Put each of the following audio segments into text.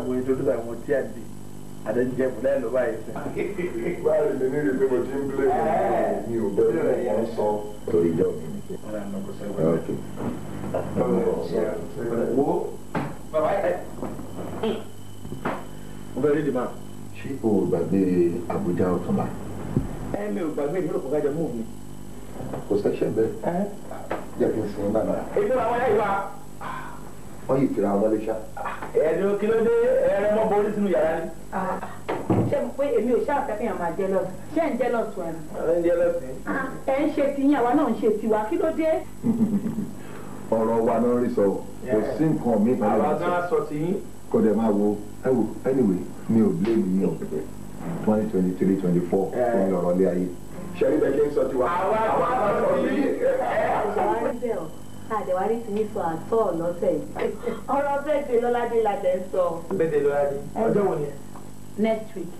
àwọn ìdólóbà àwọn tí a di àdájẹ fúlẹ ló bá yẹ fẹ. báyìí lè ní ìrètí mo ti ń bílẹ̀ mi ò bẹ́ẹ̀ mọ̀ wọ́n sọ. torí ìjọ mi ni. wo bàbá yẹ. mo bẹ rí ṣé o gbàgbé Àbújá ọ̀túnba. ẹ mi ò gbàgbé ìlú òkú mú mi. kò sẹ́sẹ̀ bẹ́ẹ̀. jẹ́ kí n sinmi bàbá. èmi làwọn yá ìwà wọ́n yìí fira wọn lọ́lẹ́ṣà. ẹ̀ẹ́dùn kí ló dé ẹ̀rọ mọ́ borí sínú yàrá ni. Ah, ṣé mo pé èmi ò ṣáà fẹ́kẹ̀yàn máa jealous ṣé ń jealous wa ni. ẹ ń jealous ni. Ah, ẹ ń ṣe tiyín àwa náà ń ṣe tiwa kí ló dé. ọ̀rọ̀ wa náà rí sọ kò sí nǹkan mi kan lọ́wọ́ sọ. àwa gan sọ tiyín. kò dẹ̀ máa wo ẹ wò anyway mi ò blame yín o twenty twenty three twenty four fún mi ọ̀rọ̀ lé ayé. ṣẹ́rí bẹ́ẹ̀ ṣe ń sọ tiwa. àwa àwa sọ tiyín àdẹ̀wárí ti ní sọ àtọ́ lọ́sẹ̀ yìí ọ̀rọ̀ bẹ́ẹ̀dẹ̀ lọ́ládé la dẹ̀ ń sọ. bẹ́ẹ̀dẹ̀ lọ́ládé ọjọ́ wo ni ẹ. next week.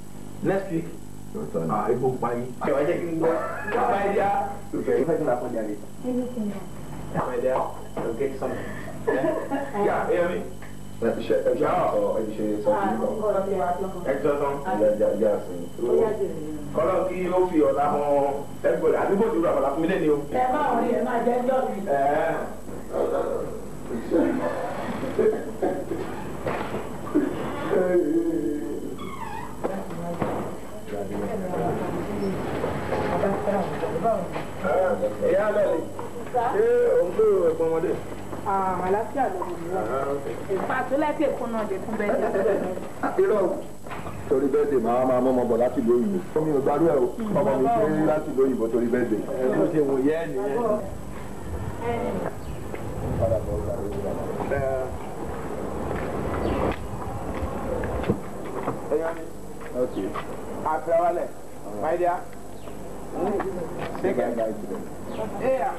next week. lóòótọ́ náà egbò ń parí. ìwà jẹ́ kí n gbọ́ bàbá ẹ yá. ìfẹ́ ìfẹ́ tí mo kàn jáde. bàbá ẹ yá get something. yà ẹ yẹ mi. ẹ ṣe ẹ ṣe sọ ẹ ṣe sọ fún mi kọ ẹ jọ tán. yà yà sìn kọlọ kí ó fi ọ̀la hàn ẹgbẹ̀rún àdúgbò tó rà bàlá fún mi lẹ́ni o. ẹ máa rí ẹ máa jẹ́ ẹjọ́ mi. hálẹ̀ ni ṣé òun pé ẹ̀gbọ́n wọn dé. àlàáfíà ló ń lọ ìpàtó lẹ́tẹ̀ kún náà lè fún bẹ́ẹ̀ dé. Ah, irọ́ torí bẹ́ẹ̀ dé màá máa mọ́ ọmọ bọ̀ láti ìlú òyìnbó. ọmọ ò gbárù o ọmọ mi ṣe láti ìlú òyìnbó torí bẹ́ẹ̀ dé. ẹ ló ṣe yẹ́ nìyẹn. Okay. After all, my dear. Yeah.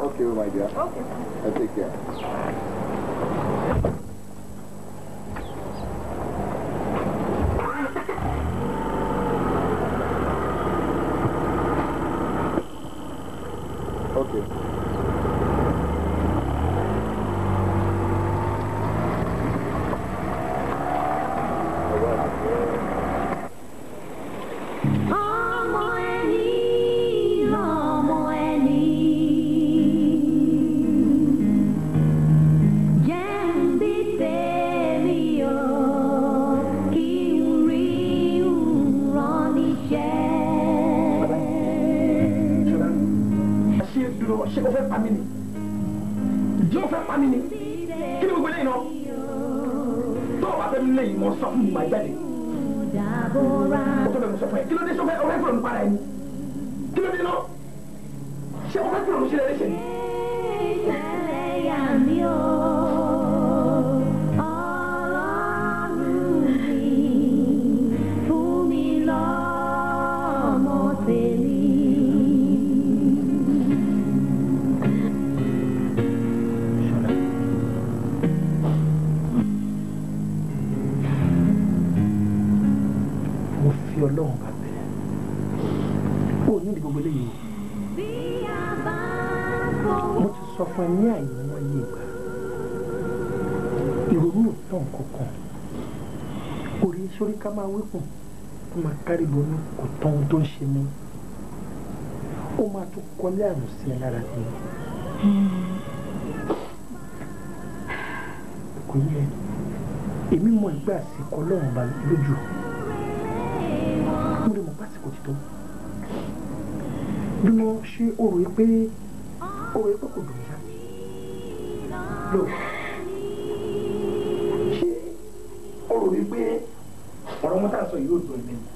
Okay, my dear. Okay. I take care. kò yẹ èmi mọ ìgbà àsìkò ọlọ́run bá lójú mo lè mọ pásìkò títọ́ bí wọ́n ṣe ó rò pé ó rò pé kò dùn yá lọ ṣé ó rò wípé ọ̀rọ̀ wọn sọ yìí ó dùn mí ni.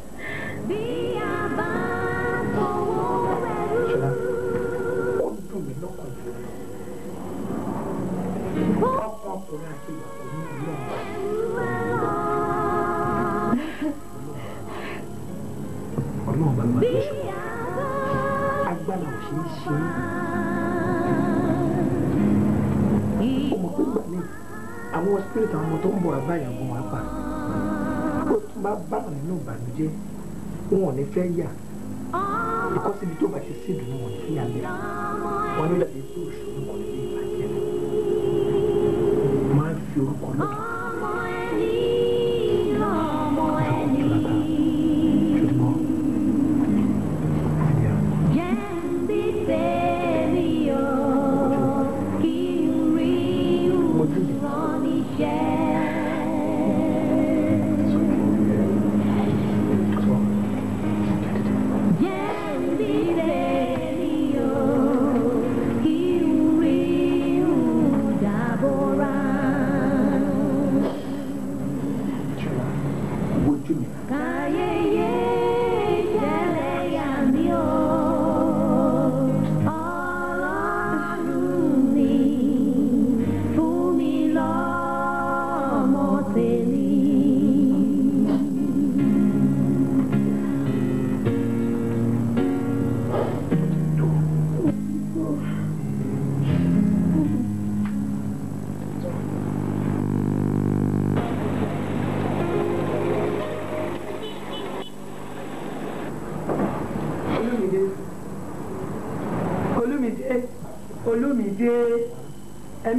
ọkùnrin àti ìyàwó ní ìlú àwọn spirit àwọn ọmọ tó ń bọ̀ abáyàwó wa pa ó tún bá bá wọn nínú ìbànújẹ́ wọn ò ní fẹ́ yà ìkọ́síbi tó bá ti sí ìdùnnú wọn ní fíyà lẹ̀ wọn ní dàbí pé òṣù kọ́ni. you on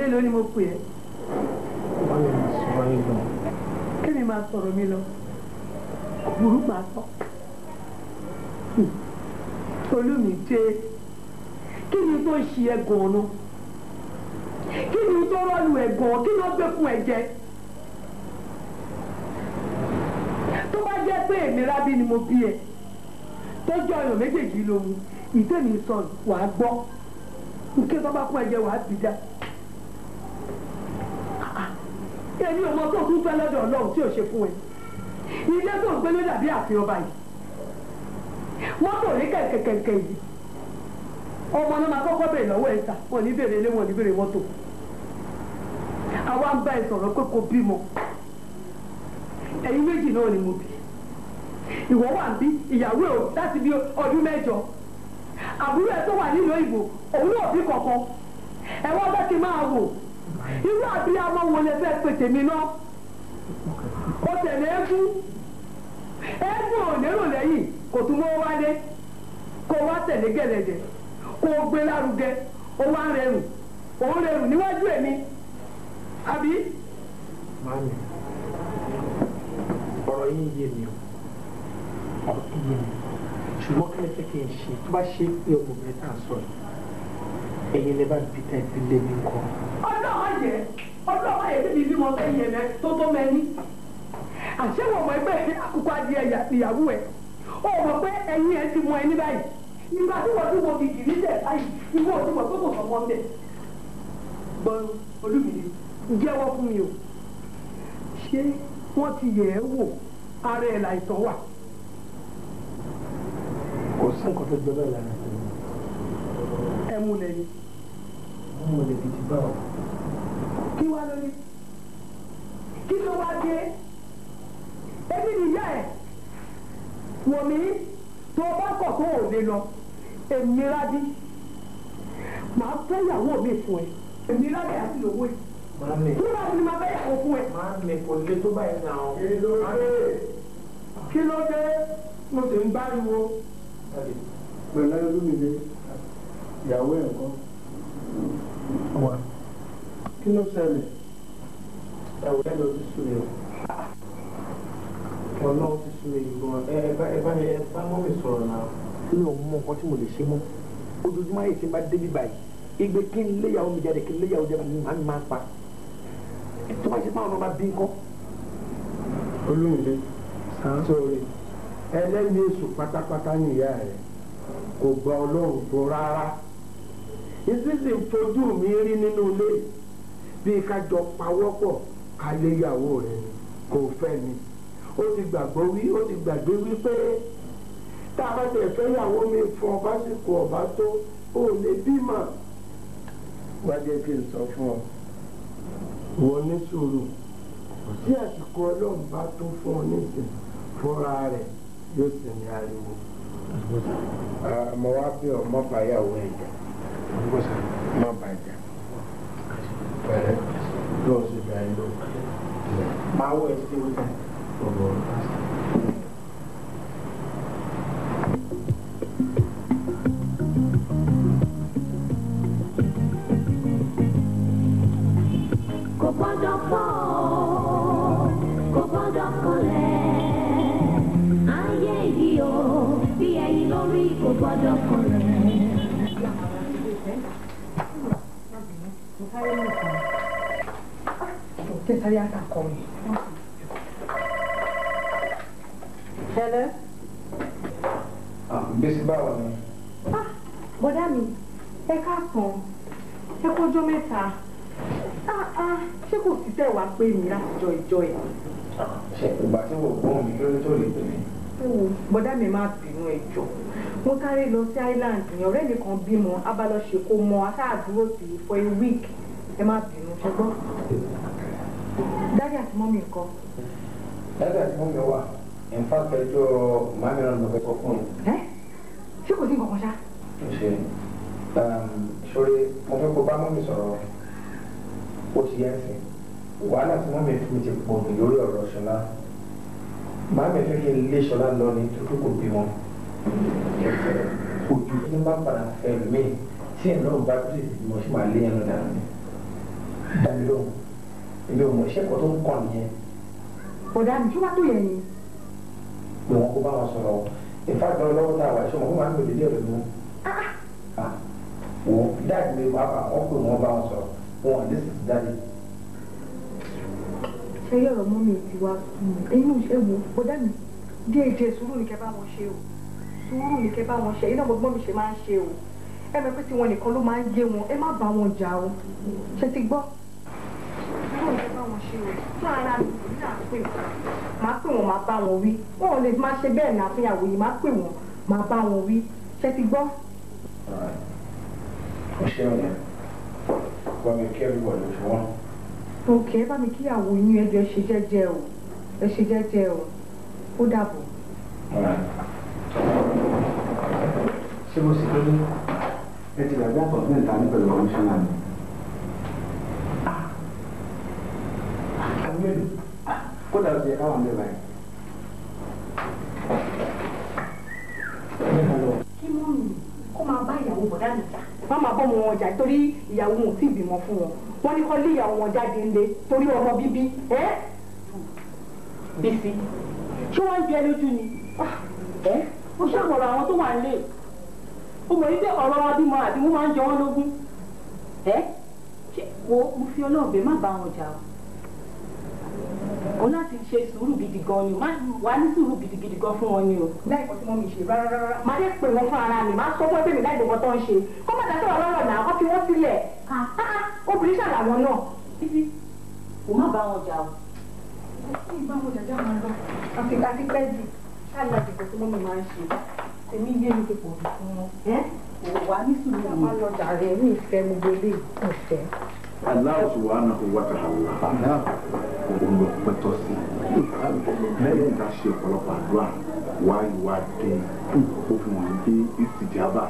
mélòó ni mo pè ẹ́. kí ni màá sọ̀rọ̀ mi lọ burú màá sọ. olùmídé kí ni tó ń ṣe ẹ gan-an kí ni tó rọ́ọ̀lù ẹ gan-an kí ló gbé fún ẹ jẹ. tó bá jẹ́ pé èmi rábí ni mo bí ẹ tó jọ ọ̀nà méjèèjì lòun ìdẹ́mi sọ̀rọ̀ wàá gbọ́ nkí tó bá kún ẹ jẹ wàá bìjà. dúpẹ́ lọ́dọ̀ ọlọ́run tí ò ṣe fún ẹ ilé tó ń gbé ló dàbí ààfin ọba yìí mọ́tò rí kẹ̀kẹ̀kẹ̀kẹ̀ yìí ọmọ náà máa kọ́kọ́ béèrè lọ́wọ́ ẹ̀ta wọn ní béèrè ilé wọn ní béèrè mọ́tò àwa ń bá ẹ sọ̀rọ̀ pé kò bímọ ẹ̀yin méjì náà ni mo bí ìwọ wà ń bí ìyàwó ẹ̀ láti bí ọdún mẹ́jọ àbúrò ẹ̀ tó wà nílùú òyìnbó òun náà bí kọ̀ọ̀kan ẹ̀wọ́n bẹ́ẹ̀ ti máa wò irú àbí amọ̀ wo pètè mi náà. ó tẹ̀lé eégún eégún ò lẹ́yìn kò tún mọ́ wálé kó wá tẹ̀lé gẹ̀lẹ́dẹ̀ kó o gbé lárugẹ ó wá rẹrùn òun o ọ̀rọ̀ yé mi ṣùgbọ́n kí kí n ṣe tó bá ṣe pé ọmọbìnrin tá à sọ yìí ẹ̀yin lè bá bí mi kọ́. àṣẹ wọn mọ ẹgbẹ́ àkókò adìẹ ìyàwó ẹ̀ ó mọ̀ pé ẹ̀yìn ẹ̀ ti mọ ẹni báyìí ìgbà tí wọ́n tún wo kìkì níbẹ̀ báyìí ìwọ ò tún kò sọ̀ wọ́n bẹ̀. gbọ́n olúmìnir jẹ́wọ́ fún mi o ṣé wọ́n ti yẹ̀ ẹ́ wò ara ẹ̀ láìsọ wà. kò sí nǹkan tó jọ bẹ́ẹ̀ lára ẹ̀ ẹ̀ múlẹ̀ ni. múlẹ̀ ti ti bá ọ. kí wàá lórí kí ló wá dé èmi nìyá ẹ̀ wò mí tó o bá kọ̀ tó o lè lọ èmi rádi màá fẹ́ ìyàwó mi fún ẹ èmi rádi àti lówó ẹ kí ló bá ti máa fẹ́ ìyàwó fún ẹ. màá mi kò lè tó báyìí nà ọ. kí ló dé mo sì ń báriwo. pẹ̀lú olúmìdé ìyàwó ẹ̀ kọ́ wà kí ló ṣẹlẹ̀ ẹ̀wọ̀ ẹ̀ lọ sí sùn yẹn. Ah ọ̀nà ti sún mi gan ẹ bá ẹ bá ẹ bá mọ́ mi sọ̀rọ̀ náà. mi ò mọ nǹkan tí mo lè ṣe mọ́ ojoojúmọ́ ayé ti máa débi báyìí igbe kí n léyàwó mi jáde kí n léyàwó jáde ni màá máa pa tó bá ṣe máa máa bí nǹkan. olóòlé sọ̀rọ̀ ẹlẹ́ni èṣù pátápátá ni ìyá rẹ̀ kò gba ọlọ́run tó rárá ìsísì fojú mi rí nínú ilé bí ká jọ pawọ́pọ̀ ká léyàwó rẹ̀ kò fẹ́ ni ó ti gbàgbọ́ wí ó ti gbàgbé wí pé tá a bá tẹ̀ fẹ́yàwó mi fún ọba sì kú ọba tó ó lè bímọ. wá jẹ́ kí n sọ fún ọ wọ́n ní sùúrù tí àsìkò ọlọ́run bá tó fún ọ nísìn fúnra rẹ̀ yóò sì ní ariwo. mo wá bí ọ mọ́ báyàwó ẹ̀jà mọ́ bàjá pẹ̀lẹ́ lọ́sibẹ̀ ló máa wọ ẹsẹ̀ wíwá. 不过。bínú ẹjọ́ mo sáré lọ sí island ní ọ̀rẹ́ mi kan bímọ abalọ́ṣe kò mọ aṣáàdúró sí i for a week ẹ má bínú ṣùgbọ́n dájú àti mọ́mí nǹkan. dájú àti mọ́mí wà in fact ẹjọ́ mami náà ló fẹ́ kọ́ fún mi. ẹ ṣé kò sí nǹkan kan ṣá. ṣe ṣorí um, mo fẹ́ kó bá mọ́mí sọ̀rọ̀ ó ti yẹn sìn wàhálà tí mọ́mí fún mi ti pọ̀ lórí ọ̀rọ̀ ṣọlá màá mi lórí iléṣọlá lọ ni tuntun kò bí wọn ojú tí n bá padà fẹ́ mi tí ẹ náà bá tó tètè mọ sí màá lé yẹn lọ dànù ni dàbí lóhùn èmi ò mọ iṣẹ́ kan tó ń kọ nìyẹn. ọ̀dà àbí tí wàá tó yẹn ni. pé wọn kó bá wọn sọ̀rọ̀ ìfàgbọ́ lọ́wọ́ tá a wà ṣọmọ fún wa níbi òdìdí ọ̀dọ̀ mọ́. wò ó dáàbò mi wà á bà wọ́n pè wọ́n ṣe yẹ ọ̀rọ̀ mọ́ mi ti wá hmm, inú ṣe wo bọ́dá mi díẹ̀ díẹ̀ sùúrù ni kẹ́ bá wọn ṣe o sùúrù ni kẹ́ bá wọn ṣe iná gbọ́gbọ́n mi ṣe máa ń ṣe o ẹ mọ̀ pé tiwọn nìkan ló máa ń yé wọn ẹ má bá wọn jà o ṣe ti gbọ́ sùúrù ni kẹ́ bá wọn ṣe o fún ara mi kò ní àpè máa pè wọn máa bá wọn wí wọn ò lè máa ṣe bẹ́ẹ̀ ní àfihàn yìí máa pè wọn máa bá wọn wí ṣe ti gbọ́. ọ̀ṣẹ́ wọn gbọ́dọ̀ kí ẹ o òkè é bá mi kíyàwó yín ẹ jọ̀ọ́ ẹ ṣe jẹ́jẹ́ o ẹ ṣe jẹ́jẹ́ o ó dàbọ̀. ṣé mo sì pé ẹ ti gbàgbé àpọ̀jù ìta ní pẹ̀lú kọmíṣánná mi. àwọn èlò kódà ó ti yẹ káwọn ń bẹ báyìí. kí mọ́mì kó máa bá ìyàwó bọ̀dá mi jà wọ́n máa bọ́ ọmọ wọn jà torí ìyàwó wọn ò tí ì bímọ fún wọn wọ́n ní kó lé ìyàwó wọn jáde ńlẹ̀ torí ọmọ bíbí ẹ́ bísí ṣé wọ́n ń bí ẹlójú ni ah, ẹ́ ó ṣàmọ̀rọ̀ àwọn tó wà nílé ó mọ̀ wípé ọ̀rọ̀ wọn bímọ àbí wọ́n máa ń jẹ wọ́n lógún ẹ́ wo mo fi ọlọ́ọ̀bẹ má bá wọn jà o o láti ṣe sùúrù gidi gan ni wà á ní sùúrù gidigidi gan fún wọn ni o. láìpẹ́ tí wọ́n mi ṣe rárá rárá. má dé pè wọ́n fún ara mi má sọ fún ẹgbẹ́ mi láì gbogbo tó ń ṣe kó má dáṣọ́ ọlọ́rọ̀ náà wọ́n fi wọ́n sílẹ̀ obìnrin ṣàlàwọ̀ náà. títí kò má bá wọn jà o. kí n bá wọn jà já máa lọ àti àti pẹ́ jù káàdì àti ìpè tí wọ́n mi máa ń ṣe èmi yé mi ti pọ̀ jù fún wọn. wà á ní Allah subhanahu wa ta'ala òun ló pẹ́ tọ́ sí lẹ́yìn tá a ṣe ọ̀pọ̀lọpọ̀ àdúrà wáyé wá dé ó fún wọn dé ìsìjàbá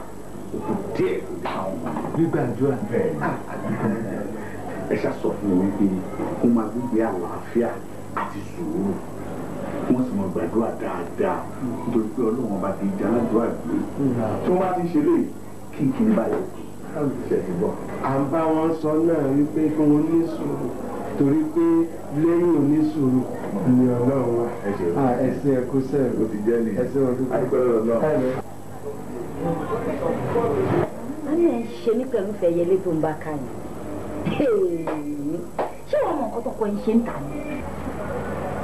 òkú díẹ̀ káwọn. gbígbà àdúrà bẹ́ẹ̀ ẹ ṣá sọ fún wọn pé kó máa gbígbé àlàáfíà àti sùúrù wọ́n sì mọ gbàdúrà dáadáa nítorí pé ọlọ́run ọba ti jẹ́ aládùúrà gbé tí wọ́n bá ti ṣe lè kíkì báyìí à ń bá wọn sọ náà wípé kí wọn ní sùúrù torí pé lẹ́yìn onísùúrù ni ọlọ́run wa ẹ̀sìn ẹ̀kú sẹ́ẹ̀kú ẹ̀sìn ọdún kan. a ní ẹ ṣe mí pẹ̀lú fẹ̀yẹlé tó ń bá ká yìí ṣé wọn mọ nǹkan tó kọ ẹ ṣe ń tà ní.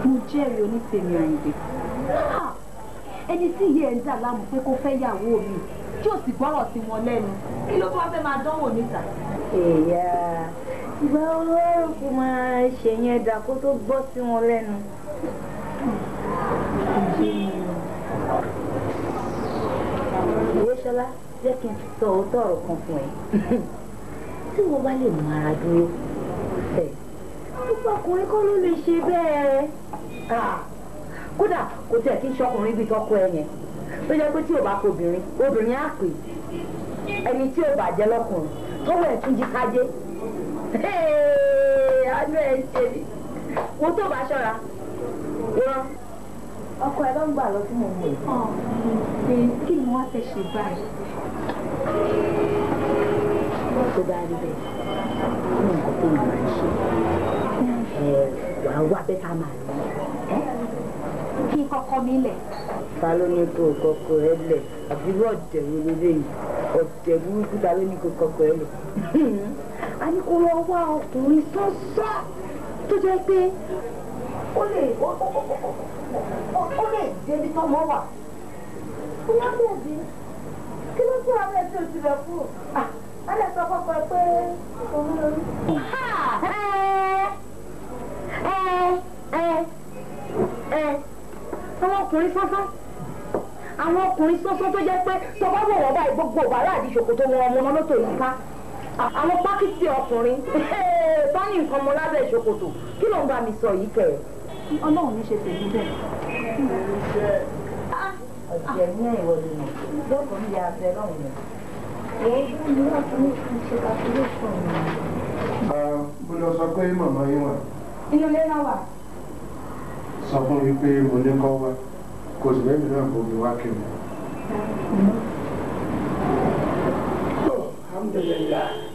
mo jẹ́rìí onítèmi àyìnbí ẹni tí ìyá ẹ̀ ń dà láàmú pé kó fẹ́ yàwó mi tí ò sì gbọ́rọ̀ sí wọn lẹ́nu kí ló bá fẹ́ máa dánwò níta. ìyá ìgbà olóró kò máa ṣe yẹn dà kó tó gbọ́ sí wọn lẹ́nu. ìwéṣọlá jẹ́ kí n sọ òótọ́ ọ̀rọ̀ kan fún ẹ tí wọ́n bá lè mú ara dúró ẹ̀ ọkùnrin kọ́ ló lè ṣe bẹ́ẹ̀ ah, kódà kò tẹ̀ kí n ṣọkùnrin bíi tọ́kọ ẹ yẹn. tó jẹ́ pé tí bá obìnrin obìnrin á pè ẹni tí ò bá jẹ́ lọ́kùnrin tọ́wọ́ ẹ̀ tún jí kájé àánú ẹ̀ ṣe mí tó bá ṣọ́ra wọ́n ọkọ ẹ ló ń gbà lọ fún òun ẹ̀. kí ni wọ́n fẹ́ ṣe báyìí. tó bá ta ló ní kó kọkọ ẹ lẹ àti bí ọ̀tẹ̀ wo lélẹ́yìí ọ̀tẹ̀ burúkú ta ló ní kó kọkọ ẹ lẹ. a ní kó lọ wá ọkùnrin sọ́sọ́ tó jẹ́ pé ó lè ó lè tọ́mọ wà bóyá kò bí kí ló tún àwọn ẹ̀sìn òsì rẹ̀ kú wọ́n lè sọ fọ́kọ ẹ pé òun lórí. ẹ ẹ ẹ ọmọkùnrin fọ́fọ́ àwọn ọkùnrin sọ́sọ́ tó jẹ́ pé tó bá wọ̀ wọ́n báyìí gbogbo bàrà àdìsòkò tó wọn ọmọ náà lótò yìí ká àwọn pákítì ọkùnrin tó ní nǹkan mọ lábẹ́ ìṣòkòtò kí ló ń bá mi sọ yìí kẹ̀. ọlọ́run mi ṣe tèmi bẹ́ẹ̀. Ah, ah. ọ̀jẹ̀ ní ìwọlé mọ̀ lọ́kùn ní abẹ lọ́hùn mi. Ah, mo lọ sọ pé màmá yín wà. inú ilé náà wà. sọ fún mi pé mo ní kọ́ wá kò sì bẹ́ẹ̀ náà kò fi wá alhamdulilayi.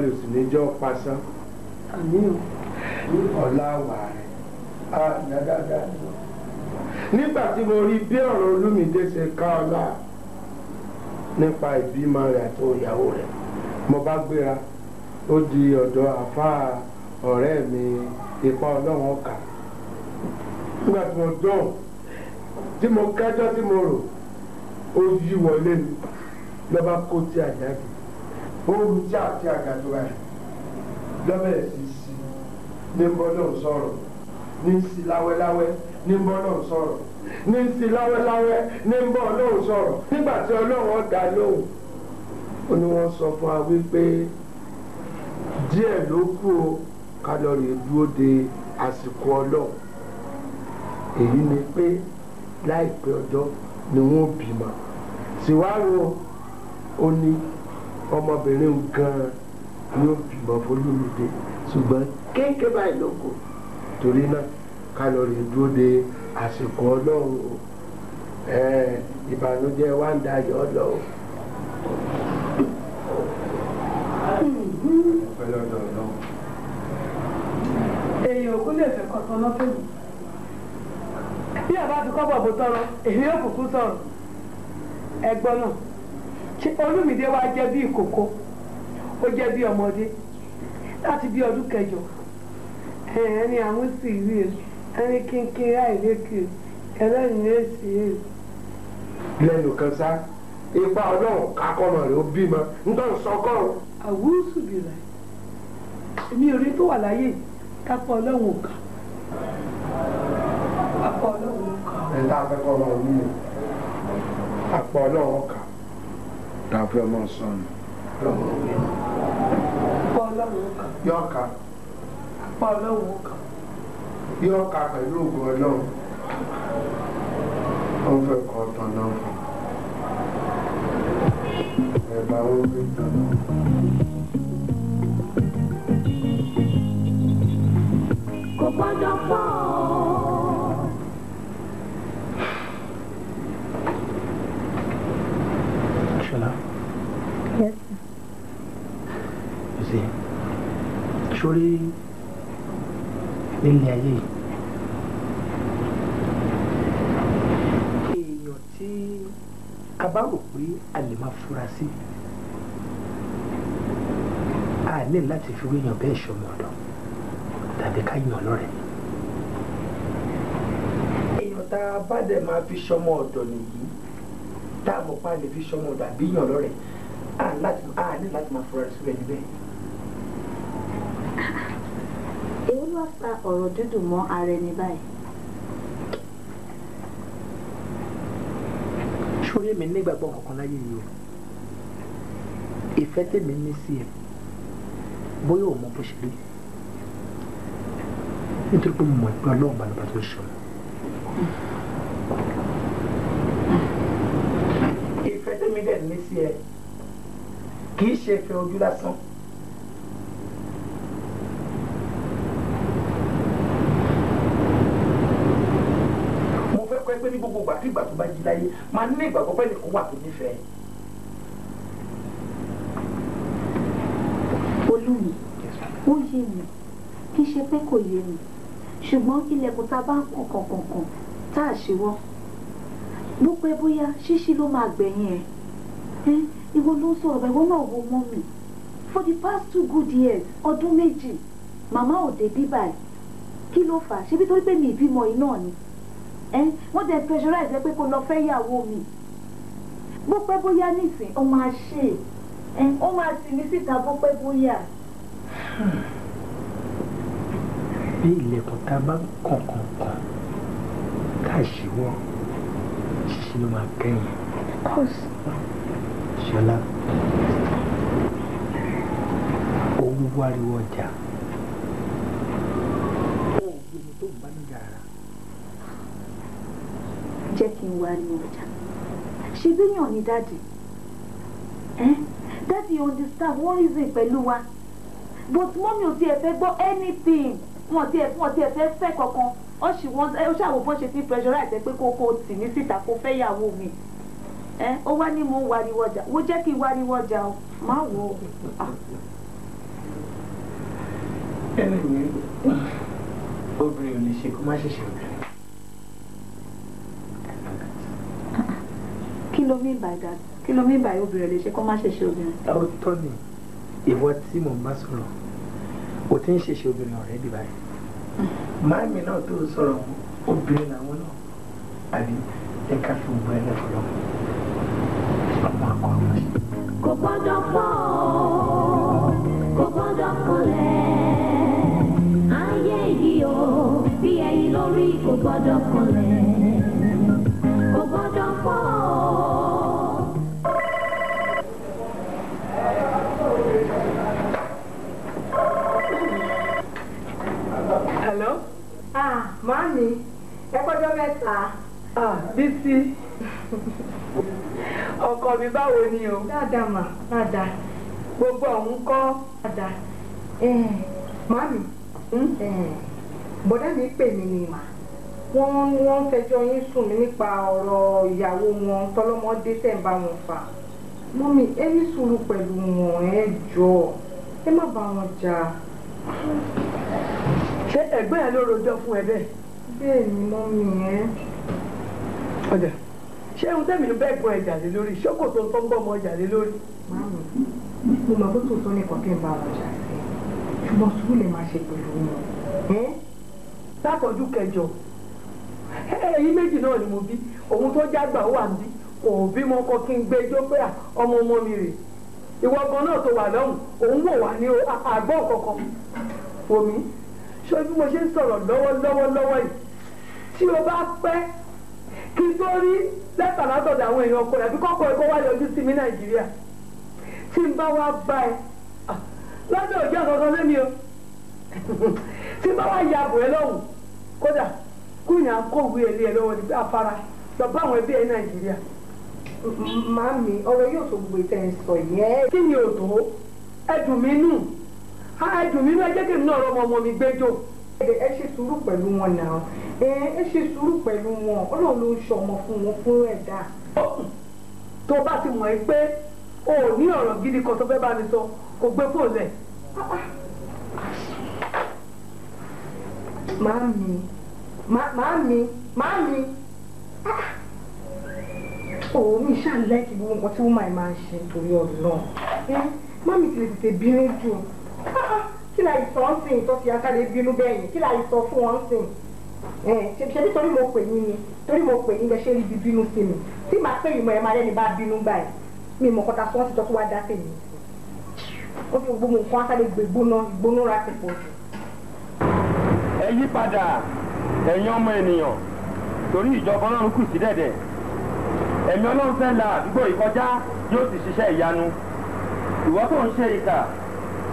ọlọ́run ò sì ní jọ́ pasán ọ̀la wà rẹ̀ nígbà tí mo rí bí ọ̀rọ̀ olúmídé ṣe ká ọlá nípa ìbímọ rẹ̀ àti ìyàwó rẹ̀ mo bá gbéra ó di ọ̀dọ̀ àfáà ọ̀rẹ́ mi ipa ọlọ́run ọ̀kà nígbà tí mo dán tí mo kẹ́jọ́ tí mo rò ó yí wọlé mi lọ́ba kó tí àjáde oru tí a ti àga tó báyìí lọ́bẹ̀ sí sí ní ń bọ́ náà sọ̀rọ̀ ní ń sí láwẹ́láwẹ́ ní ń bọ́ náà sọ̀rọ̀ ní ń sí láwẹ́láwẹ́ ní ń bọ́ náà sọ̀rọ̀ nígbà tí ọlọ́run ọ̀dà lóhùn ó ní wọ́n sọ fún wa wípé díẹ̀ ló kù o kálọ̀rì dúró de àsìkò ọlọ́run èyí ni pé láìpẹ́ ọjọ́ ni wọ́n bímọ síwáwo ó ní ọmọbìnrin gan yóò bímọ fọlọ́mìdé ṣùgbọ́n kéńké báyìí ló kù torí náà kálọ̀rì dúró de àsìkò ọlọ́run ìbànújẹ́ wa ń dayọ̀ lọ. èèyàn òkú lè fẹ́ kọ́tọ́ lọ́fẹ̀ẹ́ bí àbá ti kọ́ bọ̀ bó tọrọ èyí yóò kúkú sọ̀rọ̀ ẹgbọ́n náà. Olúmídé wa jẹ́ bí ìkókó ó jẹ́ bí ọmọdé láti bí ọdún kẹjọ ẹni àwọn sì rí o e. ẹni kínkín àìlékè ẹlẹ́yìn èsì èrè. E. lẹ́nu kan sá ipa ọlọ́run kakọ́mọ rẹ̀ ó bímọ nítorí sọgọ́rùn. àwùsù bìrẹ̀ èmi ò rí tó wà láyé kápọ̀ ọlọ́run ò kà kápọ̀ ọlọ́run ò kà. ẹ̀ ń tá a fẹ́ kọ́ ọmọ òun ni àpọ̀ ọlọ́run ò tá a fẹ́ mọ̀ sọnù. apá ọlọ́run kan. yóò ka. apá ọlọ́run kan. yóò ka pẹ̀lú ògùn ọlọ́run. wọ́n sórí nílé ayé yìí. èèyàn tí a bá rò pé a lè máa fura sí a ní láti fi wéyàn bẹ́ẹ̀ ṣọmọ ọ̀dọ̀ tàbí ká yàn lọ́rẹ̀. èèyàn tá a bá dẹ̀ máa fi ṣọmọ ọ̀dọ̀ nìyí tá a mọ̀ pa lè fi ṣọmọ ọ̀dọ̀ àbí yàn lọ́rẹ̀ a ní láti máa fura sí bẹ́ẹ̀ ni èyí wá pa ọ̀rọ̀ dídùn mọ́ ara ẹni báyìí. sórí èmi nígbàgbọ́ kankan láyé yìí o ìfẹ́ tèmi ní sí ẹ bóyá ò mọ bó ṣe rí nítorí pé mo mọ̀ pé ọlọ́run balùbà tó ṣọ. ìfẹ́ tèmi dẹ̀ ní sí ẹ kì í ṣe ìfẹ́ ojú lásán. gbogbo ìgbà tó bá jí láyé máa ní ìgbàgbọ́ pẹ́ nìkan wà tó nífẹ̀ẹ́. olùmí ó yé mi kì í ṣe pé kò yé mi ṣùgbọ́n ilẹ̀kùn tá a bá ń kàn kàn kàn kàn tá a ṣe wọ́ bó pẹ́ bóyá ṣíṣí ló máa gbẹ̀yìn ẹ̀ ìwọ ló ń sọ̀rọ̀ bẹ́ẹ̀ wọ́n náà wo mọ́ mi for the past two good years ọdún méjì màmá ò dé bíbáyìí kí ló fà á ṣebí torí pé mi ìbímọ yìí ni wọ́n dẹ̀ pressurize ẹ pé kó lọ fẹ́ yàwó mi bó pẹ́ bóyá nísìn ó máa ṣe ó máa tì mí síta bó pẹ́ bóyá. bí ilẹ̀kùn tá a bá kànkàn kan tá a ṣíṣe ló máa kẹ́yìn. ṣọlá owó wáriwọ̀ ọjà. jẹ́ kí n wá ní ọjà ṣe bíyàn ni dáàdì dáàdì understand one reason pẹ̀lú wa but mọ́mí ò tiẹ̀ fẹ́ gbọ́ anything wọn tiẹ̀ wọn tiẹ̀ fẹ́ fẹ́ kankan ó sì wọ́n ó ṣàwọ̀ bọ́n ṣe ti pressurize pé kó kó tì mí síta kó fẹ́ yàwó mi ó wá ní mò ń wariwo ọjà wo jẹ́ kí n wariwo ọjà o má wò ó. ẹnìyẹn obìnrin ò lè ṣe kó má ṣe ṣe ọjà. kí ló mean by that kí ló mean by obìnrin lè ṣe kó má ṣèṣe obìnrin. ó tọ́ ni ìwọ tí mò ń bá sọ̀rọ̀ o ti ń ṣèṣe obìnrin ọ̀rẹ́ bí báyìí máàmì náà tó sọ̀rọ̀ obìnrin làwọn náà àbí ẹ ká fi gbọ́ ẹ lẹ́fọ̀ọ́ lọ ọmọ àkọ́kọ́. kò gbọ́dọ̀ pọ̀ kò gbọ́dọ̀ kọlẹ̀ ayé yìí o bí ẹyin lórí kò gbọ́dọ̀ kọlẹ̀. màámi ẹ kọjọ́ bí bísí ọkọ mi báwo ni o. dáadáa mà dáadáa gbogbo ọ̀hún kọ́ dáadáa. màámi hmm? bọ̀dá mi pè mí ni mà wọ́n wọ́n fẹjọ́ yín sùn mí nípa ọ̀rọ̀ ìyàwó wọn tọlọ́mọdé tẹ̀ ń bá wọn fà mọ́mí ẹ ní sùúrù pẹ̀lú wọn ẹ ẹ má bá wọn jà. ṣé ẹ̀gbọ́n ẹ̀ ló rojọ́ fún ẹ bẹ́ẹ̀. bẹ́ẹ̀ ni mọ́ mi yẹn. ọjà ṣé ohun tẹ́mi ń bẹ́ẹ̀ gbọ́n ẹ̀jà lé lórí ṣókò tó ń tọ́ ń bọ́ ọmọ ọjà lé lórí. màámi mo mọ̀ pé tòótọ́ nìkan kí n bá wọn jà sí ṣùgbọ́n sùúrù lè máa ṣe pẹ̀lú wọn. Hm? látọ̀dún kẹjọ èyí méjì náà ni mo bí òun tó jágbà ó wà ń bí kò bímọ ọkọ kí n gbẹjọ́ pé ọmọ ọmọ mi rèé ìwọ gan náà tó wà lọ́hùn òun wò wá ní àgbọ̀ kọ̀ọ̀kan omi ṣé bí mo ṣe ń sọ̀rọ̀ lọ́wọ́lọ́wọ́ lọ́wọ́ yìí tí o bá pẹ́ kí n tó rí lẹ́tà látọ̀dọ̀ àwọn èèyàn ọkọ rẹ̀ àbí kọ́kọ́ ẹ̀ wá yọjú sí mi nàìjíríà tí n bá wá bá lọ́dọ̀ ya ẹ kódà lọ́wọ́ afárá lọ bá àwọn ẹbí ẹ nàìjíríà. yóò tó gbogbo sọ yẹn. kí ni ẹdùn nínú ẹjẹ́ kèmí náà rọmọ ọmọ mi gbẹjọ. ẹ ṣe sùúrù pẹ̀lú wọn náà ẹ ṣe sùúrù pẹ̀lú wọn ọlọ́run ló ń ṣe fún wọn fún ẹ̀dá. tó bá ti mọ̀ ẹ́ pé o ò ní ọ̀rọ̀ gidi kan tó fẹ́ bá mi sọ kò gbé fóònù ẹ̀. Màámi màámi màámi òun mi ṣáà lẹ́kì gbogbo nǹkan tí wọ́n máa ṣe torí ọ̀rọ̀ náà. Màámi ti tètè bínú jù. kí la ìsọ̀ ń sìn tó fi akáde bínú bẹ́ẹ̀ yẹn kí la ìsọ̀ fún wọn ń sìn ṣebí torí mo pè yín ni torí mo pè yín lẹ ṣe ibi bínú sí mi tí màá pè yín mọ ẹ máa lẹ́ni bá bínú gbà yìí mi mọ̀ kọ́ta sọ́ọ́ ti jọ tó wá dá sí mi ó fi gbogbo nǹkan akáde gbé gbóná gbóná ra ti pọ̀ jù. ẹ yí padà ẹ̀yin ọmọ ènìyàn torí ìjọba ọlọ́run kù sí dẹ̀dẹ̀ ẹ̀mí ọlọ́run fẹ́ la àdúgbò ìkọjá yóò sì ṣiṣẹ́ ìyanu ìwọ tó ń ṣe ìkà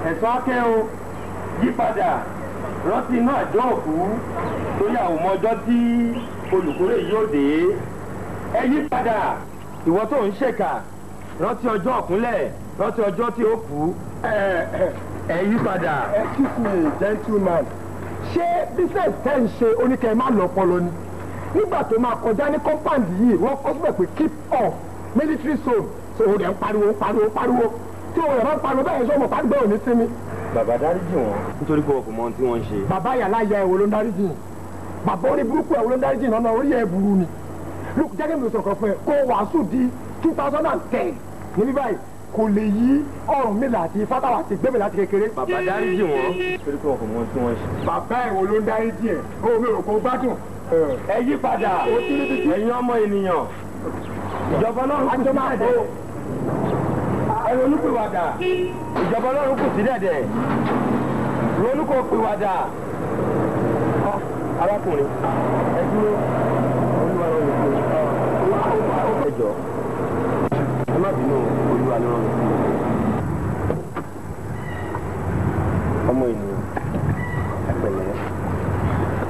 ẹ̀sán akẹ́ o yípadà rántí inú àjọ òkú tó yà ò mọjọ́ tí olùkórè yóò dé ẹ yípadà ìwọ tó ń ṣèkà rántí ọjọ́ ọ̀kúnlẹ̀ rántí ọjọ́ tí ó kú ẹ yípadà. excuse me gentleman ṣé business ten ṣe oníkẹ́ má lọ ọpọlọ ni nígbà tó máa kọjá ní compound yìí wọ́n kọ́ síbẹ̀ pé keep off military zone so ó dẹ̀ ń pariwo pariwo pariwo tí òun ẹ̀rọ panu bẹ́ẹ̀ sọ́mọ̀ bá gbẹ́ òní sinmi. bàbá dáríjì wọn nítorí pé ọkùnrin mọ ohun tí wọ́n ń ṣe. bàbá yàrá ya ẹ̀wò ń dáríjì wọn bàbá orí burúkú ẹ̀wò ń dáríjì wọn orí ẹ̀ burú ni. lókù jẹ́ kí mi sọ̀kọ̀ fún ẹ kó wàásù di two thousand and ten níbí báyìí kò lè yí ọrùn mi láti fátàlà àti gbẹmí láti kékeré. bàbá dáríjì wọn nítorí pé ọkùnrin mọ ohun tí wọ́n ń ṣe. bàbá ẹ̀wò ń dáríjì ẹ̀ òun ò kó gbádùn ẹ yí padà ìjọba náà ń kú sí ẹ ronúpìwàdà ìjọba ọlọ́run kù sí dẹ̀dẹ̀ ronúpìwàdà arákùnrin ẹ dúró olúwa ló ń kó ẹ jọ ẹ má bínú olúwa ló ń kó ọmọ ènìyàn ẹ pẹ̀lẹ́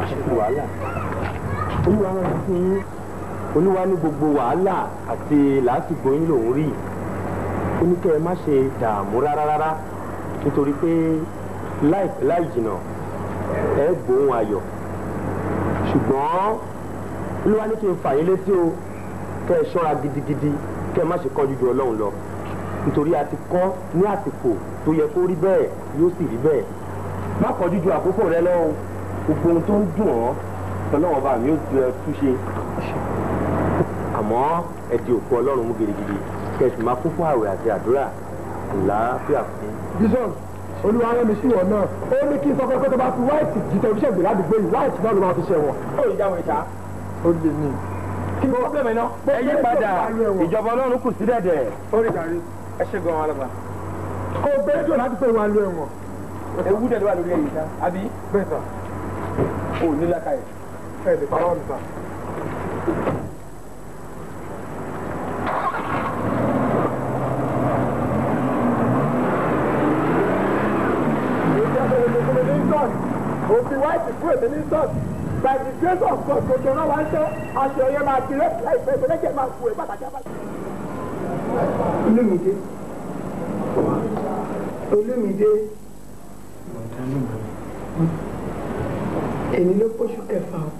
àṣepọ wàhálà olúwa ló ń kó yín olúwa ní gbogbo wàhálà àti làásìgbò yín lòún rí yìí ó ní kẹ́ ẹ má ṣe dààmú rárá rárá nítorí pé láìpẹ́ láì jìnnà ẹ gbóhùn ayọ̀ ṣùgbọ́n olúwa ní kí n fà yín létí o kẹ́ ẹ ṣọ́ra gidigidi kẹ́ ẹ má ṣe kánjú ju ọlọ́run lọ nítorí a ti kọ́ ní àsìkò tó yẹ kó rí bẹ́ẹ̀ yóò sì rí bẹ́ẹ̀ má kánjú ju àkókò rẹ lọ o gbogbo ohun tó ń dùn ọ́ ọlọ́run ọba mi ò tún ṣe àmọ́ ẹ di òkú ọlọ́run mú gidigidi kẹsì máa kún fún àwẹ̀ àti àdúrà làáfíà fún. bison olúwa rẹ mi sí ìwọ náà ó ní kí n sọ fún ẹ pé tó bá fi wáìtì jí tẹlifíṣàn gbé ládùúgbò yìí wáìtì náà ló máa fi ṣe wọn. ó yí jáwé ta. ó lè ní. kí ló bẹ̀rẹ̀ náà. ẹ yí padà ìjọba ọlọ́run kù sí dẹ̀dẹ̀. ó rí jàre ẹ ṣe gan-an alàgbà. kò bẹ́ẹ̀ jọ láti pé ìwà lu ẹ̀wọ̀n. ewu dẹ̀ ló wà lórí ẹ̀yìn ta àbí. bẹ́ẹ̀ sà. ò ní lákàyè. ẹ ṣe ní sọ́ọ̀tì by the grace of God gbogbo náà wá ń tẹ́ aṣọ yẹn máa di rẹ́pì láìpẹ́ ìgbẹ́lẹ́jẹ̀ máa kú ẹ̀ pàtàkì abájá. olùmìdé olùmìdé èmi ló kóṣù kẹfà o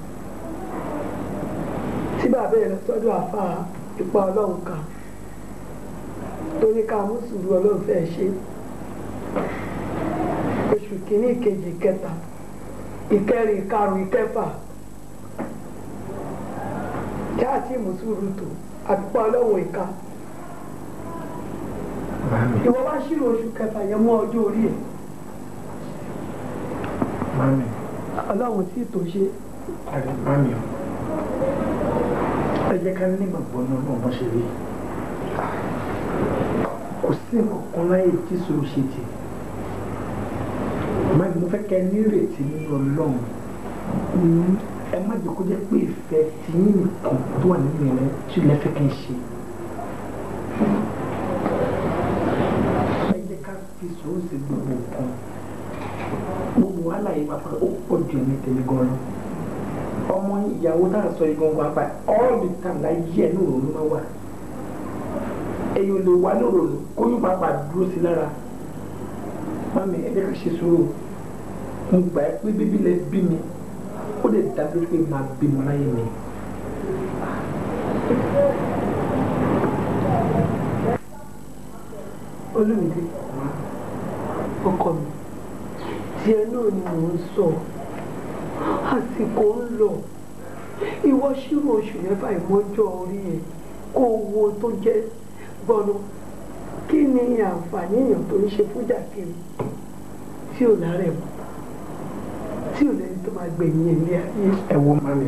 tí bàbá ẹ lọ àfa ipa ọlọ́run kan torí ká mú sùúrù ọlọ́run fẹ́ ṣe oṣù kìíní kejì kẹta ìkẹrin ìkarùn ìkẹfà jáàtì mùsùlùmù àdúgbò ọlọ́wọ̀ ìka ìwọ wá ṣírò oṣù kẹfà yẹn mú ọjọ́ orí ẹ̀ ọlọ́run tí tò ṣe. mami o ẹ jẹ́ ká nígbàgbọ́ náà náà wọ́n ṣe rí kò sí nǹkan kan láyé tí sòrò ṣe tiẹ̀ máa mo fẹ́ kẹ́ nírètí nínú ọlọ́run mm-hmm. ẹ má jẹ́ kó jẹ́ pé ìfẹ́ tí yín nìkan tó wà nínú rẹ tí ilẹ̀ fẹ́ kẹ́ ṣe. ẹ jẹ́ ká fi sòrò sí gbogbo nǹkan gbogbo wàhálà yìí wàá ó pọ̀ ju ẹ̀mí tẹ̀lé gan-an ọmọ ìyàwó tá a sọ igun wa pa all the time la yí ẹ ní òrònú máa wà èyí ò lè wà ní òrònú kó yóò pàápàá dúró sí lára mami ẹ jẹ́ ká ṣe sùúrù mo gbà ẹ pé bíbí lè bí mi ó lè dá lórí pé máa bímọ láyé mi. olùmídé ọkọ mi tiẹ̀ náà ni mò ń sọ àsìkò ń lọ ìwọ ṣírò oṣù yẹn báyìí mọ́jọ́ orí ẹ̀ kó wo tó jẹ́ gbọ́nà kí ni àǹfààní èèyàn tó ń ṣe fújà kiri tí ò lárẹ̀ mọ́ tí O, lẹ́ni tó máa gbẹ̀yìn ilé ayé. ẹ wo mami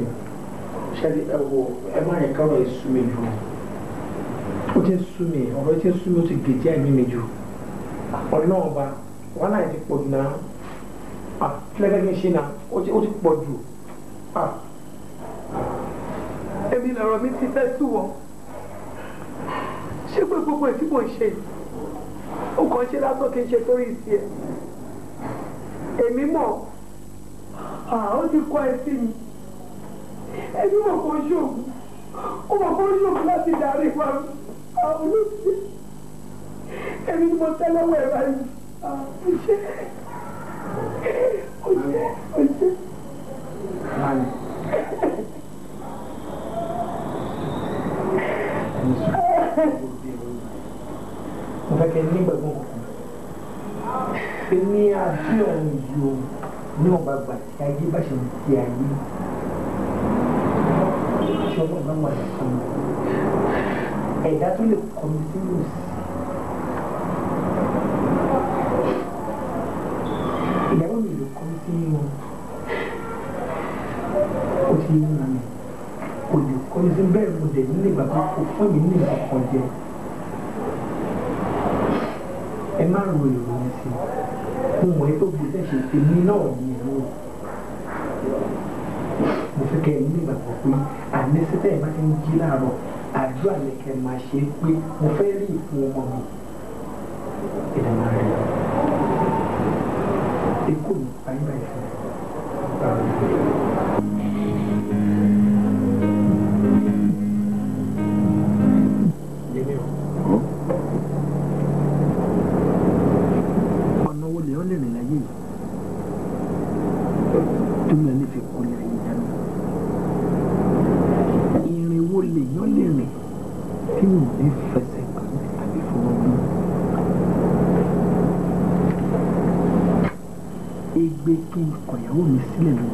ṣẹlẹ̀ ẹ wo ẹ má yẹ káwọn èso mi jù O, ti sú mi ọ̀rọ̀ ti sú mi O, ti gèjì ẹ̀mí mi jù ọ̀nà ọba wàhálà yìí ti pọ̀ jù náà àtìlẹ́gbẹ́ kí n ṣe náà O, ti pọ̀ jù. èmi lọ̀rọ̀ mi ti fẹ́ sú wọ ṣé pé gbogbo ẹ̀ tí mò ń ṣe O, kàn ṣe lásán kí n ṣe torí ìsì ẹ̀ èmi mọ̀ ó ti kọ́ ẹ sí mi ẹbí mọ̀ kó ṣòògùn ó mọ̀ kó ṣòògùn láti darí wa àwọn olóògbé ẹbí ni mo tẹ́ lọ́wọ́ ẹ̀ báyìí ó ṣe ó ṣe ó ṣe. Mo fẹ́ kẹ́ ní ìgbàgbọ́ kankan. Èmi àti ọ̀hún yìí o níwọ̀nba gbà tí ayé bá ṣe ń ti ayé tí ọlọ́run náà wà lẹ́kọ̀ọ́ ẹ̀dá tó lè kọ́ mi sínú sí. ìyàwó mi lè kọ́ mi sínú ó ti yé mi kò lè kọ́ mi sínú bẹ́ẹ̀ mo dẹ̀ nílé bàbá kò fún mi ní ìkọ̀kan jẹ ẹ má ro ìròyìn sí i mo mọ̀ ẹ́ tó gbé sẹ́sẹ̀ tèmi náà ní fẹ́ kẹ́ ní ìgbàgbọ́ pé àmì sẹ́tẹ̀ ìbá ti ń jí láàárọ̀ àdúrà ni kẹ́ máa ṣe pé mo fẹ́ rí ìfún ọmọ mi ìdàmà rẹ̀ ikú mi báyìí báyìí fún mi.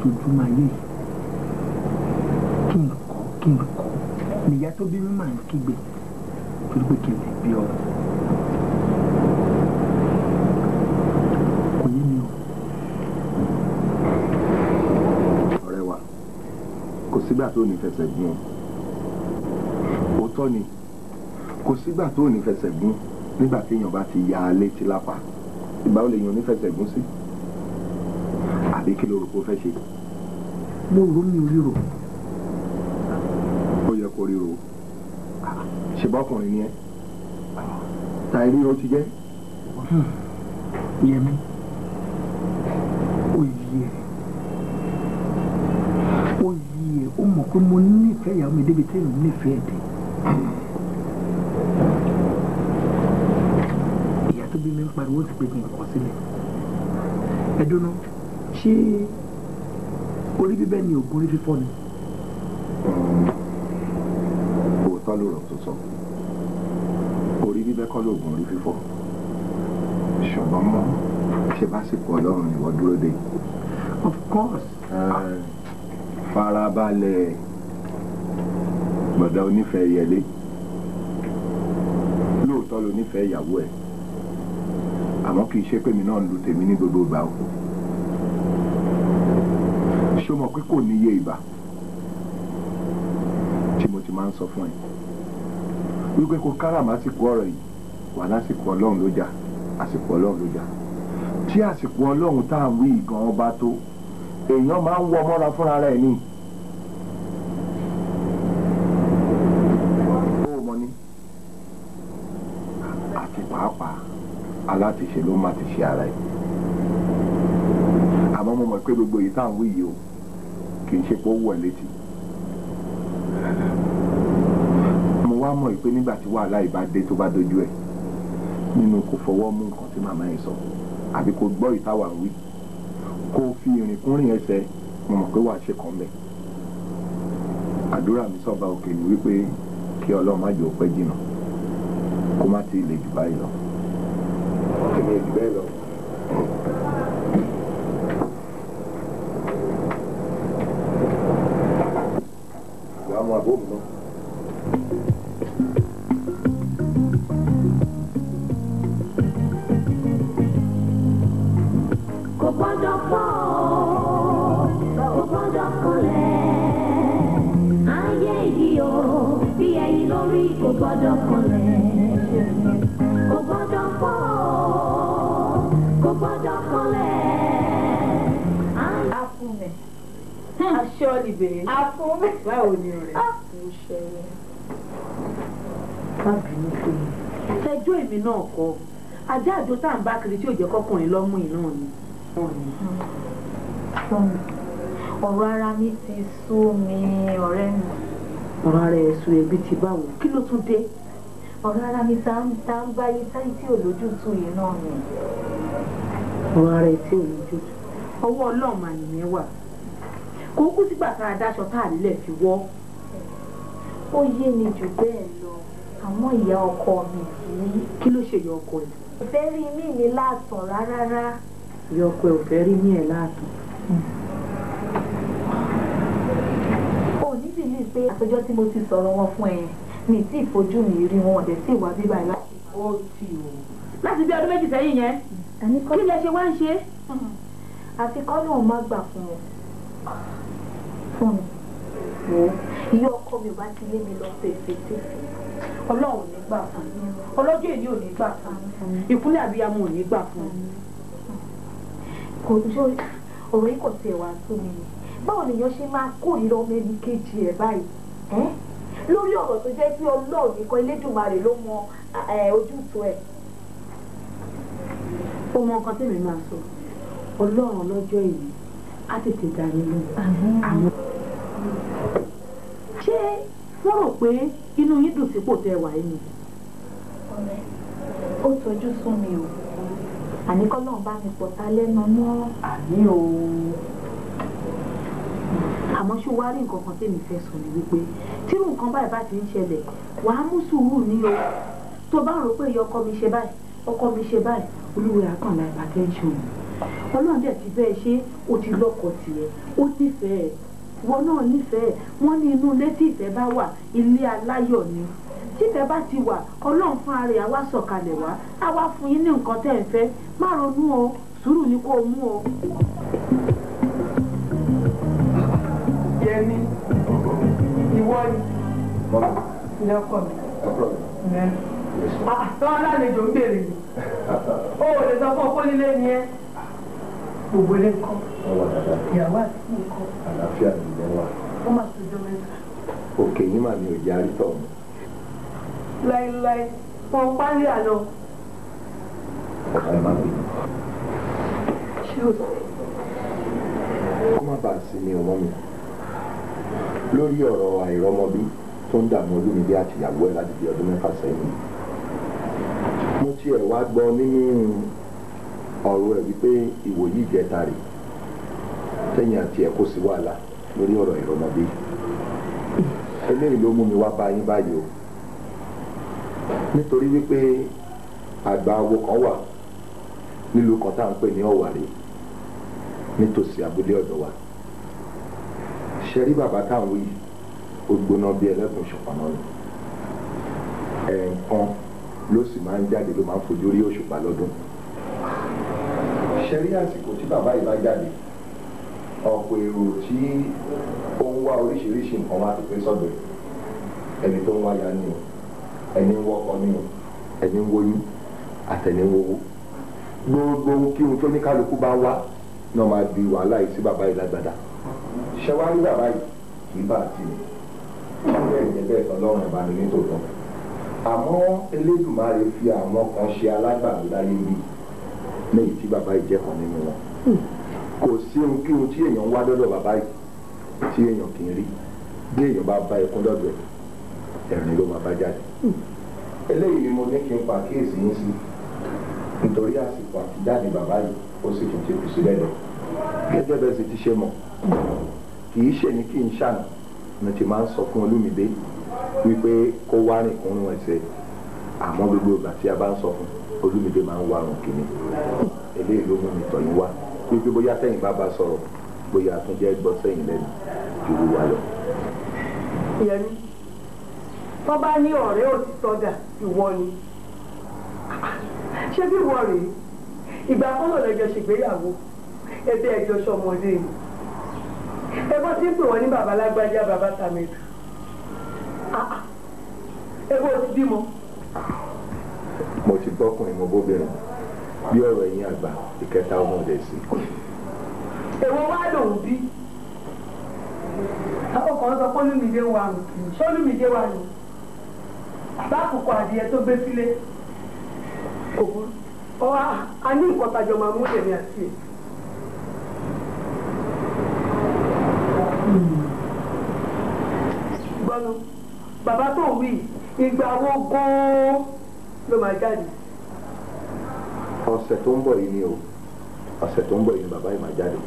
ojoojúmọ́ ayé yìí kí n kọ́ kí n kọ́ nìyá tó bí mi máa ń kígbe torí pé kí n lè bí ọ. kò yé mi sígbà tó ní fẹsẹ̀ gún ọ òótọ́ ni kò sígbà tó ní fẹsẹ̀ gún nígbà téèyàn bá ti ya létí lápá ìgbà ó lè yàn ní gún sí. Si àbí kí ló rò kó fẹ́ ṣe. mo rò mí ò ríro. ó yẹ kó ríro ṣèbọkùnrin ni ẹ ta ẹ ríro ti jẹ. yẹmi ó yí ẹ ó yí ẹ ó mọ̀ pé mo nífẹ̀ẹ́ ìyàwó mi débi tẹ́lẹ̀ nífẹ̀ẹ́ dé. ìyá tó bí mi ń pariwo ti pè mí ọkọ ẹ dúró ṣé orí bíbẹ́ ni oògùn orí fífọ́ ni. òótọ́ ló rọ̀ tó sọ orí bíbẹ́ kọ́ lóògùn orí fífọ́ ṣùgbọ́n mọ́ ṣe bá sì kọ́ ọlọ́run ìwọ dúró dé. of course. farabalẹ̀ gbọ̀dọ̀ onífẹ̀ẹ́ yẹlé lóòótọ́ lo nífẹ̀ẹ́ ìyàwó ẹ̀ àmọ́ kì í ṣe pé mi náà lu tèmi ní gbogbo ìgbà o ṣé o mọ̀ pé kò níye ìgbà tí mo ti máa ń sọ fún ẹ wípé kò káràmù àsìkò ọ̀rọ̀ yìí wà lásìkò ọlọ́run ló jà àsìkò ọlọ́run ló jà tí àsìkò ọlọ́run tá à ń wí ìgan ọba tó èèyàn máa ń wọ mọ́ra fúnra rẹ̀ ni. alátiṣe ló má ti ṣe ara ẹ̀ àmọ́ mo mọ̀ pé gbogbo èyí tá à ń wí yìí o kì í ṣe pé ó wọ̀ létí mo wá mọ̀ pé nígbà tí wàhálà ìbá dé tó bá dojú ẹ̀ nínú kó fọwọ́ mú nǹkan tí màmá yẹn sọ àbí kó gbọ́ ìtawà wí kó fi ìrìnkúrìn ẹsẹ̀ mo mọ̀ pé wàá ṣe kàn bẹ́ẹ̀ àdúrà mi sọ̀ba òkè ni wípé kí ọlọ́run má jò pẹ́ jìnnà kó má ti lè jù báyìí lọ. ọkùnrin ìdílé lọ. àjò tá à ń bá kiri tí ò jẹ́ kọ́kùnrin lọ́mú iná ni. Hmm. ọ̀rọ̀ ara mi ti sú mi ọ̀rẹ́ mi. ọ̀rọ̀ ara ẹ̀ sùn ẹbí ti báwo kí ló tún dé. ọ̀rọ̀ ara mi tá ń báyé táyé tí ò lójútùú yìí ni. ọ̀rọ̀ ara ẹ̀ tí ò lójútùú ọwọ́ ọlọ́run nìyẹn wà kò kú sígbà tá a dáṣọ tá a lẹ̀ fi wọ́. ó yé mi jù bẹ́ẹ̀ lọ àmọ́ ìyá ọkọ mi kì í. kí ló ṣe ìyá ọkọ ẹ̀? fẹ́ rí mí mi láàtàn rárá. yọ pé ò fẹ́ rí mí ẹ̀ láàtàn. ò ní sì ní pé àtọjọ́ tí mo ti sọ̀rọ̀ wọn fún ẹ mi tí ìfojú mi rí wọn ọ̀dẹ̀ sí ìwà bíbá ẹ̀ láti. ó ti o. láti bí ọdún méjì sẹ́yìn yẹn kí lẹ ṣe wá ń ṣe. àfi kọ́ lóun má gbà fún wọn fún mi wo ìyá ọkọ mi ò bá ti lé mi lọ fèfètèfè ọlọ́run ò ní gbà fún mi ọlọ́jọ́ èyí ò ní gbà fún mi ìkúnlẹ̀ àbíyamọ ò ní gbà fún mi. kò jó ọ̀rọ̀ yìí kò tiẹ̀ wá sí mi báwo nìyẹn ṣe máa kórìíra ọmọ ẹni kejì ẹ̀ báyìí lórí ọ̀rọ̀ tó jẹ́ pé ọlọ́run nìkan elédùnmarè ló mọ ojútùú ẹ̀. ó mọ nǹkan tí mi máa sọ ọlọ́run lọ́jọ́ èyí á tètè dá mi lóhùn ṣé wọ́n rò pé inú yín dùn sípò tẹ́ wà yín ni. ọ̀rẹ́ ó tọ́jú sún mi o àní kọ́ náà bá mi pọ̀ ta lẹ́nu mọ́. àní o. àmọ́ ṣé wàá rí nǹkan kan tèmi fẹ́ sọ ni wípé tírú nǹkan báyìí bá ti ń ṣẹlẹ̀ wàá mú sùúrù ní o tó bá rò pé ìyá ọkọ mi ṣe báyìí ọkọ mi ṣe báyìí olúwe àkànlá ìbátẹ́ńṣọ̀n ọlọ́run dẹ̀ ti bẹ́ẹ̀ ṣe ó ti lọ́kọ tiẹ̀ ó ti fẹ́ wọn náà nífẹ̀ẹ́ wọn ní inú ilé tí ìfẹ́ bá wà ilé aláyọ̀ ni títẹ́ bá ti wà ọlọ́run fún ara àwa sọ̀kalẹ̀ wá àwa fún yín ní nǹkan tẹ́ ẹ fẹ́ má ronú o sùúrù ni kó o mú o. yẹmi ìwọ ni lọkọ mi. àtọ́ ah, alálejò ń bèrè yìí o ò lè sọ fún ọkọ lílé ni ẹ gbogbo ilé ńkọ́ ìyàwó àti ńkọ́. àlàáfíà ni ilé wa. ó máa tójọ mẹ́ta. òkè yín mà ní òjì àrítọ̀ láéláé wọn parí àná. ọ̀sán máa bínú. ṣé o sọ. kó má bàa sinmi ọmọ mi lórí ọ̀rọ̀ àìrọ́mọbí tó ń dààmú olúmídé àtìyàwó ẹ̀ láti di ọdún mẹ́fà sẹ́yìn mo tiẹ̀ wá gbọ́ nínú ọ̀rọ̀ ẹ̀ wípé ìwòyí ìjẹta rè tẹ̀yìn àti ẹ̀ kó sí wàhálà lórí ọ̀rọ̀ ìrọ̀mọdé eléyìí ló mú mi wá bá báyìí o nítorí wípé àgbà awo kan wà nílùú kan tá à ń pè ní ọ̀wàrè nítòsí abúlé ọ̀dọ̀ wa ṣe rí bàbá táwọn yìí ó gbóná bí ẹlẹ́gùn ṣọ̀pọ̀nà ni ẹ̀ẹ̀kan ló sì máa ń jáde ló máa ń fojú rí òṣùpá lọ́dún ṣe rí àsìkò tí bàbá yìí bá jáde ọ̀pọ̀ èrò tí ó ń wá oríṣiríṣi nǹkan wá ti pé sọ́dọ̀ ẹni tó ń wáyà ni o ẹni ń wọkọ ni o ẹni ń woyún àtẹni ń wowó gbogbo ohun tó ní kálukú bá wá náà máa di wàhálà yìí sí bàbá yìí lágbàdá ṣé wàá rí bàbá yìí kì í bà á tì mí bẹ́ẹ̀ ni bẹ́ẹ̀ ọlọ́run ẹ̀bá mi nítòótọ́ àmọ́ Elédùmarè fi àwọn kan ṣe alágbàdo láyé bíi léyìí tí bàbá yìí jẹ́ kan nínú wọn hmm. kò sí ohun kí ohun tí èèyàn wá lọ́dọ̀ bàbá yìí tí èèyàn kì í rí bí èèyàn bá bá ẹkún dọ̀dọ̀ ẹ̀rín ló máa bá jáde hmm. eléyìí ni mo ní kí n pa kíyèsí yín sí nítorí àsìkò àtijáde bàbá yìí ó sì tún ti kù sílẹ̀ lọ gẹ́gẹ́ bẹ́ẹ̀ sì ti ṣe mọ̀ kì í ṣe ni kí n ṣàná mo ti máa ń sọ fún Olúmídé wípé kó wá rìn kúnrún ẹsẹ̀ àmọ́ gbogbo ìgbà tí a bá ń sọ fún olúmídé máa ń wá àrùn kìíní eléyìí ló mú mi tọ̀ yín wá wípé bóyá sẹ́yìn bá bá sọ̀rọ̀ bóyá àtúnjẹ́ gbọ́ sẹ́yìn lẹ́nu jùlọ wá lọ. yẹmi tó bá ní ọ̀rẹ́ òtítọ́ dà ìwọ ni ṣé bí ìwọ rèé ìgbà kọ́lọ̀ lẹ́jọ́ ṣègbéyàwó ẹbí ẹjọ́ sọmọdé ni ẹgbọ́n tí ń pè wọ́n ní bàbá lágbájá bàbá ah, ah. ẹgbọ́n ti bímọ mo ti gbọ́kùnrin mo bóbìnrin bí ọ̀rọ̀ ẹ̀yìn àgbà ìkẹta ọmọ rẹ̀ sí. èwo wá lòun bí ọkàn sọ pé olùmìdé wà nù olùmìdé wà nù bákòókò adìyẹ tó gbé sílé kò burú ọ a ní nǹkan tajọ máa mú èmi àti ẹ. gbọ́nù bàbá tó wí ìgbà wo gan-an ló máa jáde. ọ̀sẹ̀ tó ń bọ̀ yìí ni o ọ̀sẹ̀ tó ń bọ̀ yìí ni bàbá yìí máa jáde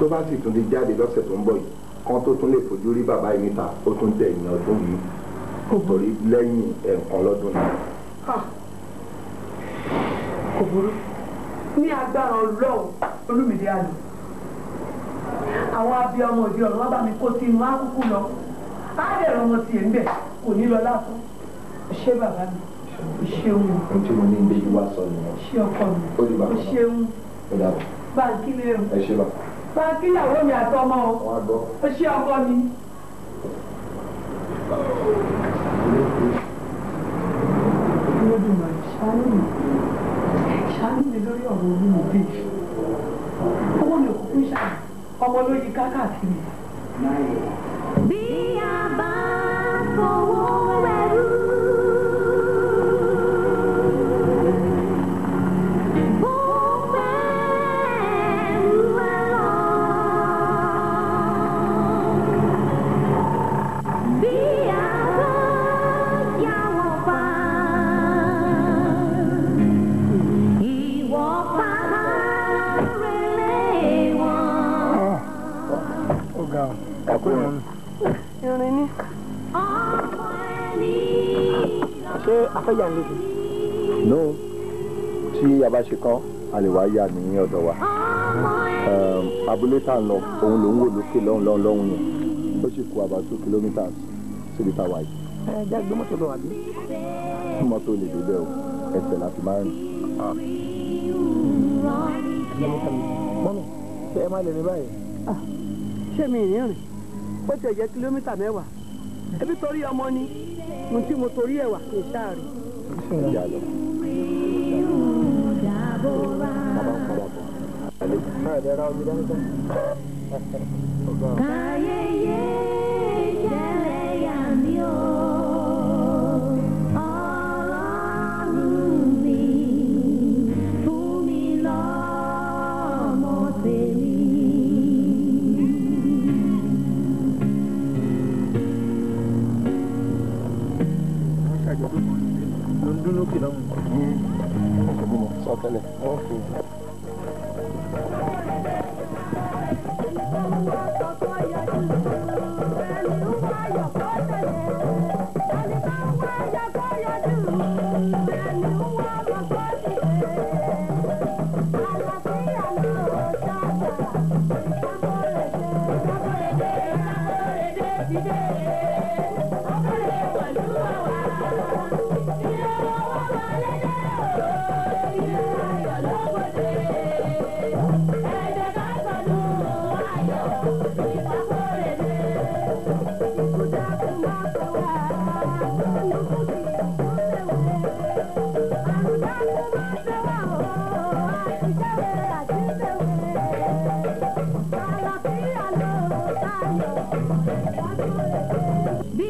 tó bá sì tún ti jáde lọ́sẹ̀ tó ń bọ̀ yìí kan tó tún lè fojú rí bàbá yìí níta ó tún tẹ̀ ẹ̀yìn ọdún yìí kò borí lẹ́yìn ẹ̀ẹ̀kan lọ́dún náà. kò burú ní agbára ọlọ́run olúmìdí àná àwọn abiyamọ òde ọ̀run wọn bá mi kó sínú ákúkú lọ á dẹ̀rọ wọn tiẹ̀ ń bẹ̀ kò ní lọ lásán ṣé bàbá mi ṣeun ohun tí mo ní gbé yíwá sọ nìyẹn ṣe ọkọ mi ó di bàbá ṣeun ó dàbọ̀ báńkì lè rò ẹ ṣe bá báńkì ìyàwó mi àtọmọ o ṣe ọkọ mi. ṣàánú mi ṣàánú mi lórí ọ̀rọ̀ orí mi bí owó mi kò fún ṣáà ọmọ ló kákàkiri. bí a bá fọwọ́. fẹ́ yà lóde. no tí a bá ṣe kán a lè wá yà ní ọ̀dọ̀ wa um, abúlé tá à ń lọ òun ló ń wò lókè lọ́hùn lọ́hùn lọ́hùn yẹn ó sì kú about two kilometres síbi tá a wà yìí. ẹ jẹ́ gbé mọ́tò lọ wà bí. mọ́tò lè dé bẹ́ẹ̀ o ẹsẹ̀ la máa rìn. Ah. mọ́mí ṣé ẹ máa lè rìn báyìí. Ah, ṣé mi ìrìn rìn bó ti jẹ́ kílómítà mẹ́wàá ebi torí ọmọ ni mo ti mo torí ẹ̀wà kì í sáà rìn. Yeah, lọ. ọ̀sẹ̀ bí mo sọ tẹ́lẹ̀. bí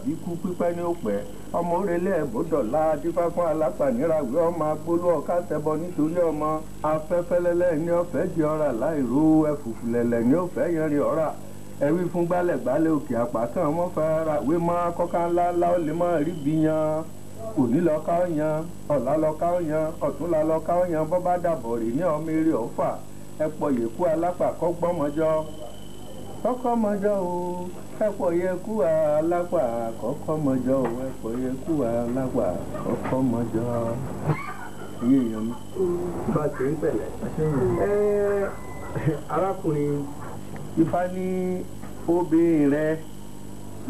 tàbí kú pípẹ́ ní òpẹ́ ọmọ òrèlé ẹ̀bùdọ̀lá adífá fún alápàníràwé ọmọ agbólú ọ̀ká tẹbọ nítorí ọmọ afẹ́fẹ́lẹ́lẹ́ ní ọ̀fẹ́ di ọ̀rà láìró ẹ̀fùfùlẹ̀lẹ̀ ní ọ̀fẹ́ yẹn rí ọ̀rà ẹ̀rí fún gbálẹ̀gbálẹ̀ òkè àpá kan wọ́n fara wé mọ́ akọ́ká ńláńlá ó lè mọ́ rí bí yan òní lọ́ka ó yan ọ̀la lọ́ka ó yan ọ̀túnla lọ́ka dàbọ̀ rè ní ọmọ eré ọ̀fà ẹ̀pọ̀ yèkú alápàkọ́ kọ́kọ́ mọjọ́ o ẹ̀pọ̀ yẹ kú alápà kọ́kọ́ mọjọ́ o ẹ̀pọ̀ yẹ kú alápà kọ́kọ́ mọjọ́ iye èèyàn mi. bá a ṣe ń pẹ̀lẹ́ arákùnrin ifá ní obìnrin rẹ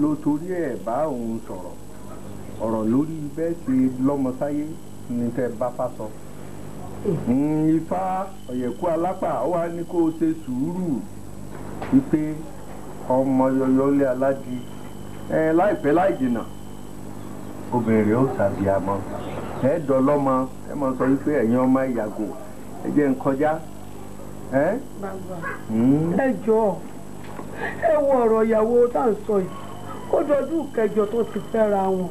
ló torí ẹ̀ bá òun sọ̀rọ̀ ọ̀rọ̀ lórí bẹ́ẹ̀ ṣe lọ́mọsáyé ní tẹ́ bá fá sọ. Eh. Hmm, ifá ọ̀yẹ̀kú alápà ó wá ní kó o ṣe sùúrù. wípé ọmọ yọyọ lé aládì ẹ láìpẹ́ láì jìnnà obìnrin ó sàbí àmọ́ ẹ dọ̀lọ́mọ ẹ mọ̀ sọ wípé ẹ̀yin ọmọ ìyàgò ẹ jẹ́ hmm? ẹ jọ ẹ wo ọ̀rọ̀ ìyàwó tá à ń sọ yìí ó kẹjọ tó ti fẹ́ra wọn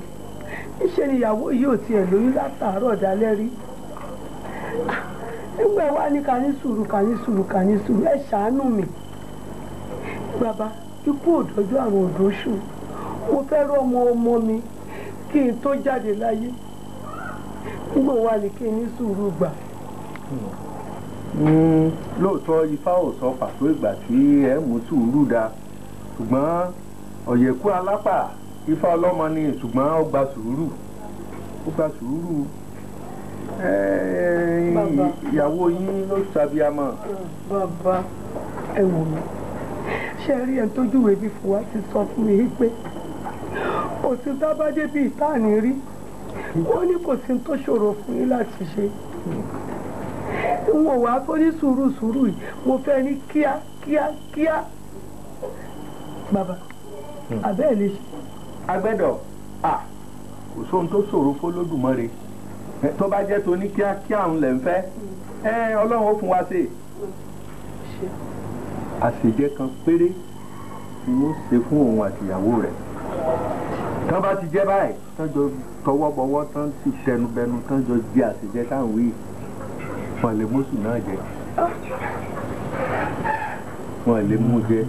níṣẹ́ ni ìyàwó yìí ò tiẹ̀ lóyún ẹ ṣàánú mi. bàbá ikú òdòjú àrùn òdòṣù mo fẹ́ rọ́mọ ọmọ mi kí n tó jáde láyé nígbà wà ní kí n ní sùúrù gbà. Hmm, lóòótọ́ ifá ò sọ pàtó ìgbà tí ẹ mú sùúrù dá ṣùgbọ́n ọ̀yẹ̀kú alápà ifá ọlọ́mọ ni ṣùgbọ́n ó gba sùúrù ó gba sùúrù ìyàwó yín ló ṣàbíamọ. bàbá ẹ wò mí ṣe rí ẹni tójú ìwé bí fún wa ti sọ fún mi pé òsín tábàdé bíi táàní rí wọ́n ní kò sí tó ṣòro fún yín láti ṣe wọn wàá tó ní sùúrù sùúrù yìí mo fẹ́ ní kíá kíá kíá bàbá àbẹ́ẹ̀ hmm. lè ṣe. agbẹ́dọ̀ à kò sóhun tó ṣòro f'Olódùmarè tó bá jẹ́ tó ní kíákíá òun lẹ̀ ń fẹ́ ẹ ọlọ́run ó fún wa ṣe àṣejẹ kan péré tí ó ṣe fún òun àtìyàwó rẹ̀ tán bá ti jẹ́ báyìí tán jọ tọwọ́bọwọ́ tán sì ṣẹnubẹnu tán jọ jẹ àṣejẹ táwọn wí wọn lè mú sùn náà jẹ wọn lè mú jẹ.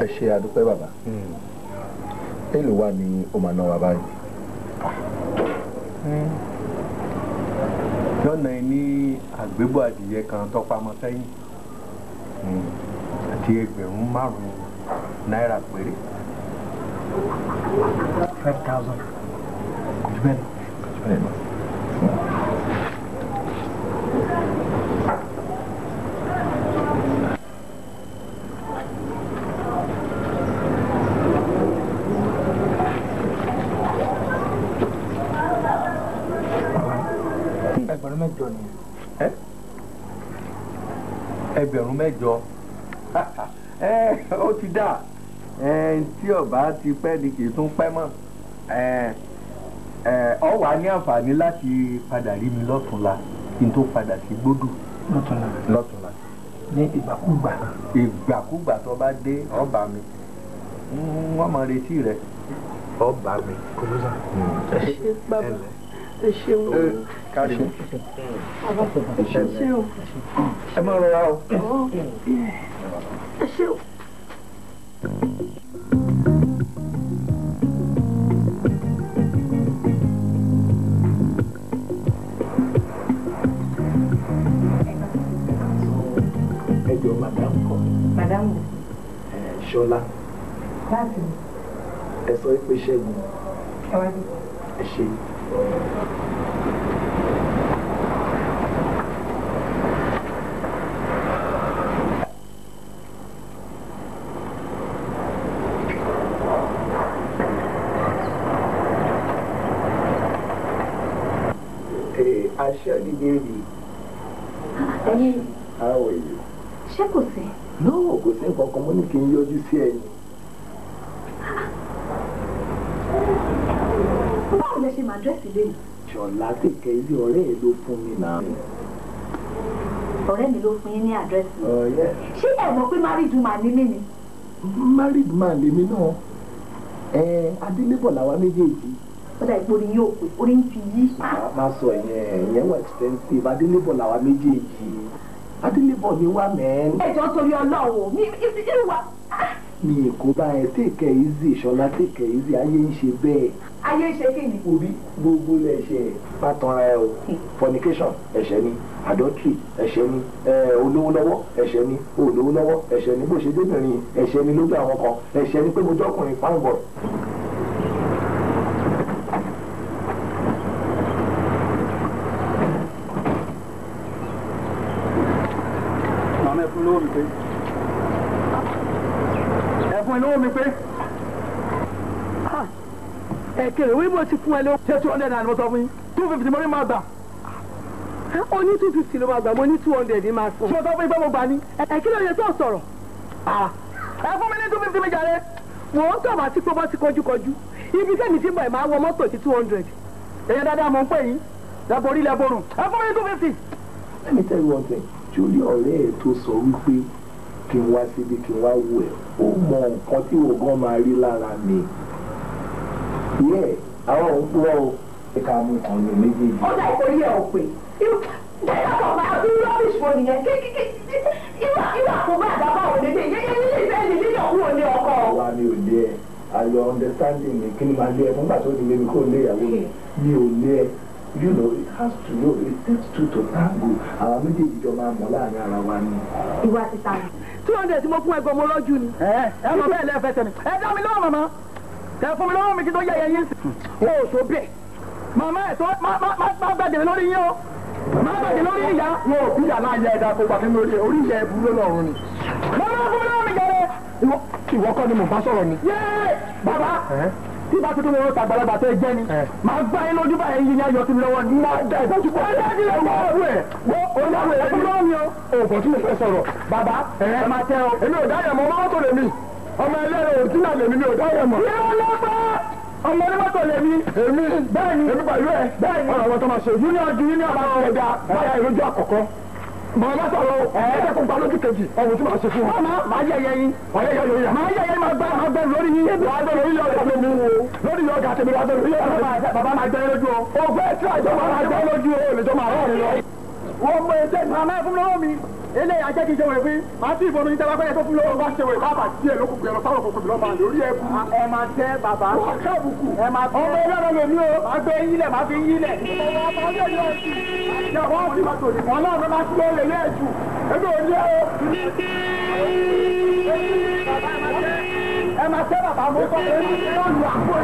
ẹ ṣe àdúpẹ́ bàbá èlò wa ni ó máa ná wa báyìí. Hmm. lọ́nà ẹ ní àgbébọ̀ adìyẹ kan tọ́pamọ́ sẹ́yìn. àti ẹgbẹ̀rún márùn-ún náírà péré. five thousand kò jù bẹ́ẹ̀ lọ. ìrun mẹ́jọ eh, ó ti dà eh, tí ọba ti pẹ́ ni kì í tún pẹ́ mọ́ ọ eh, wà ní àǹfààní láti padà rí mi lọ́tùnla kí n tó padà sí gbódù lọ́tùnla lọ́tùnla ní ìgbàkúgbà ìgbàkúgbà tó bá dé ọba mi hmm, wọ́n mọ̀ retí rẹ̀ ọba mi. Hmm. bàbá Teixeu. É, Caixa. Teixeu. É manual. Teixeu. Oh, é. Madame. Ṣọlá. Báàgì. Ẹ sọ pé Ṣẹ́gun. é ṣe. Asha Gigindi. How are you? Ṣé kò sí? No, kò sí nǹkan kan mo àdírẹ́sì lẹ́yìn. ṣọlá ti kẹ ilé ọ̀rẹ́ ẹ ló fún mi náà. ọ̀rẹ́ mi ló fún yín ní àdírẹ́sì. Oh, ṣé ẹ mọ̀ pé married man ni mí ni. married man lèmi náà ẹ adélébọ̀ làwa méjèèjì kódà ìpò orin yóò pè orin ti yí. máa sọ ìyẹn ìyẹn wọ expensive adélébọ̀ làwa méjèèjì adélébọ̀ ni wà mẹ́rin. ẹjọ́ torí ọlọ́wọ́ mi ìwà. mi kò bá ẹ take it easy ṣọlá take it easy ayé ń ṣe bẹ́ẹ̀ ayé ṣe kí ni. òbí gbogbo lè ṣe pátanra ẹ o fornication ẹ̀ṣẹ̀ ni adultery ẹ̀ṣẹ̀ ni olówó lọ́wọ́ ẹ̀ṣẹ̀ ni olówó lọ́wọ́ ẹ̀ṣẹ̀ ni bó ṣe débìnrin ẹ̀ṣẹ̀ ni lójú àwọn kan ẹ̀ṣẹ̀ ni pé mo jọkùnrin fine kéré wíwọ́ ti fún ẹ ló. ṣé two hundred naira sọ fún yín two fifty mo máa gbà. ó ní two fifty ló máa gbà mo ní two hundred máa fún. ṣé sọ fún ifá mo gbà ni. ẹ kí ló yẹ tó sọ̀rọ̀. ẹ fún mi ní two fifty mi jàre. wò ó tọ̀ bá ti pọ́ ti kọjúkọjú ibi tẹ́mi ti bọ̀ ẹ̀ máa wọ mọ́tò ti two hundred. èèyàn dáadáa mo ń pè yín lẹ́bọ̀ orí ẹ fún mi ní two fifty. let me tell you one thing jolly ọ̀rẹ́ ẹ̀ tó sọ wípé kí n wá síbi kí n wá wù ẹ́ ó mọ nǹkan tí ògán máa rí lára mi. ilé àwọn òkú wọn o ìka mú ọ̀rọ̀ méjèèjì. ó dà ìkórè ẹ̀ òpè dáadáa kan máa bí rọ́bìṣì wọn nìyẹn kékeré irú àkóbá àdábà òde dé yẹ yẹ nílé ìfẹ́ nílé òkú òní ọkọ. wà á mi ò ẹ àlọ understanding mi kí ni máa lé ẹ fún gbàtọ́ ti mi kó lé ìyàwó mi you know it has to know it takes two to tango àwọn méjèèjì jọ máa mọ̀ láàrin ara wa ni. ìwà ti two hundred tí mo fún ẹgbẹ́ lọ́jú ni. ẹ ẹ mọ bẹ́ẹ̀ lẹ́ẹ̀fẹ́ ẹ dá mi lọ́wọ́ màmá. ẹ fún mi lọ́wọ́ mi kí tó yẹ yẹ yín sí. wọn ò tó bẹ̀ màmá ẹ̀ tó má gbàdé lórí yín o má gbàdé lórí ìyá. wọn ò bíyà náà yẹ ẹ̀dá tó gbàgbé lórí orí ìyá ẹ̀ burú lọ́rùn ni. lọ́wọ́ fún mi lọ́wọ́ mi jẹ́rẹ́. ìwọ kọ́ ni mò ń bá sọ̀rọ̀ ni. yéé bàbá tí bá tuntun yóò tàgbàlagbà tó jẹ́ ni máa gbá yín lójú báyìí yín ní ayọ̀ tí mi lọ́wọ́ ni. máa da ìbọn jùlọ. ọ̀rẹ́ ẹ̀. wo ẹ̀ ẹ̀ ẹ̀ máa ọmọ ẹlẹ́rọ òtún náà lèmi ní òtún àyẹ̀mọ̀. yóò lọ bá ọmọ onímọ́tò lèmi. èmi bẹ́ẹ̀ni èmi pẹ̀lú ẹ bẹ́ẹ̀ni ọ̀rọ̀ àwọn máa ṣe junior junior báyà ìrójú àkọ́kọ́. bá sọ̀rọ̀ ẹ̀ẹ́dẹ́ kó gba lójú kejì ọ̀hún tí ṣe fún ọmọ yẹ yẹ yín. ọ̀yẹ́ yẹ ilé ajẹ́ kí n ṣe wẹ̀ fún màá sì ìbọn oyin tẹ́lá pẹ́yẹ tó fún lọ́wọ́ bá ṣe wẹ̀ bàbà díẹ̀ ló kù pé ẹ̀rọ sáwọn kòkòrò lọ́ba lórí ẹ̀kú. ẹ máa tẹ bàbá ẹ máa tẹ ọmọ ẹlẹ́rọ lè mí o máa gbé yílẹ̀ máa fi yílẹ̀. ìjọba ọ̀sìn máa tòlè mọ́ náà ló máa tún lọ lè lé ẹ̀jù ẹgbẹ́ òní ẹ̀ o. ẹ máa tẹ bàbá mo sọ pé olù àpò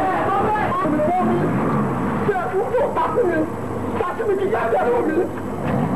ẹ̀ ọmọ ẹ̀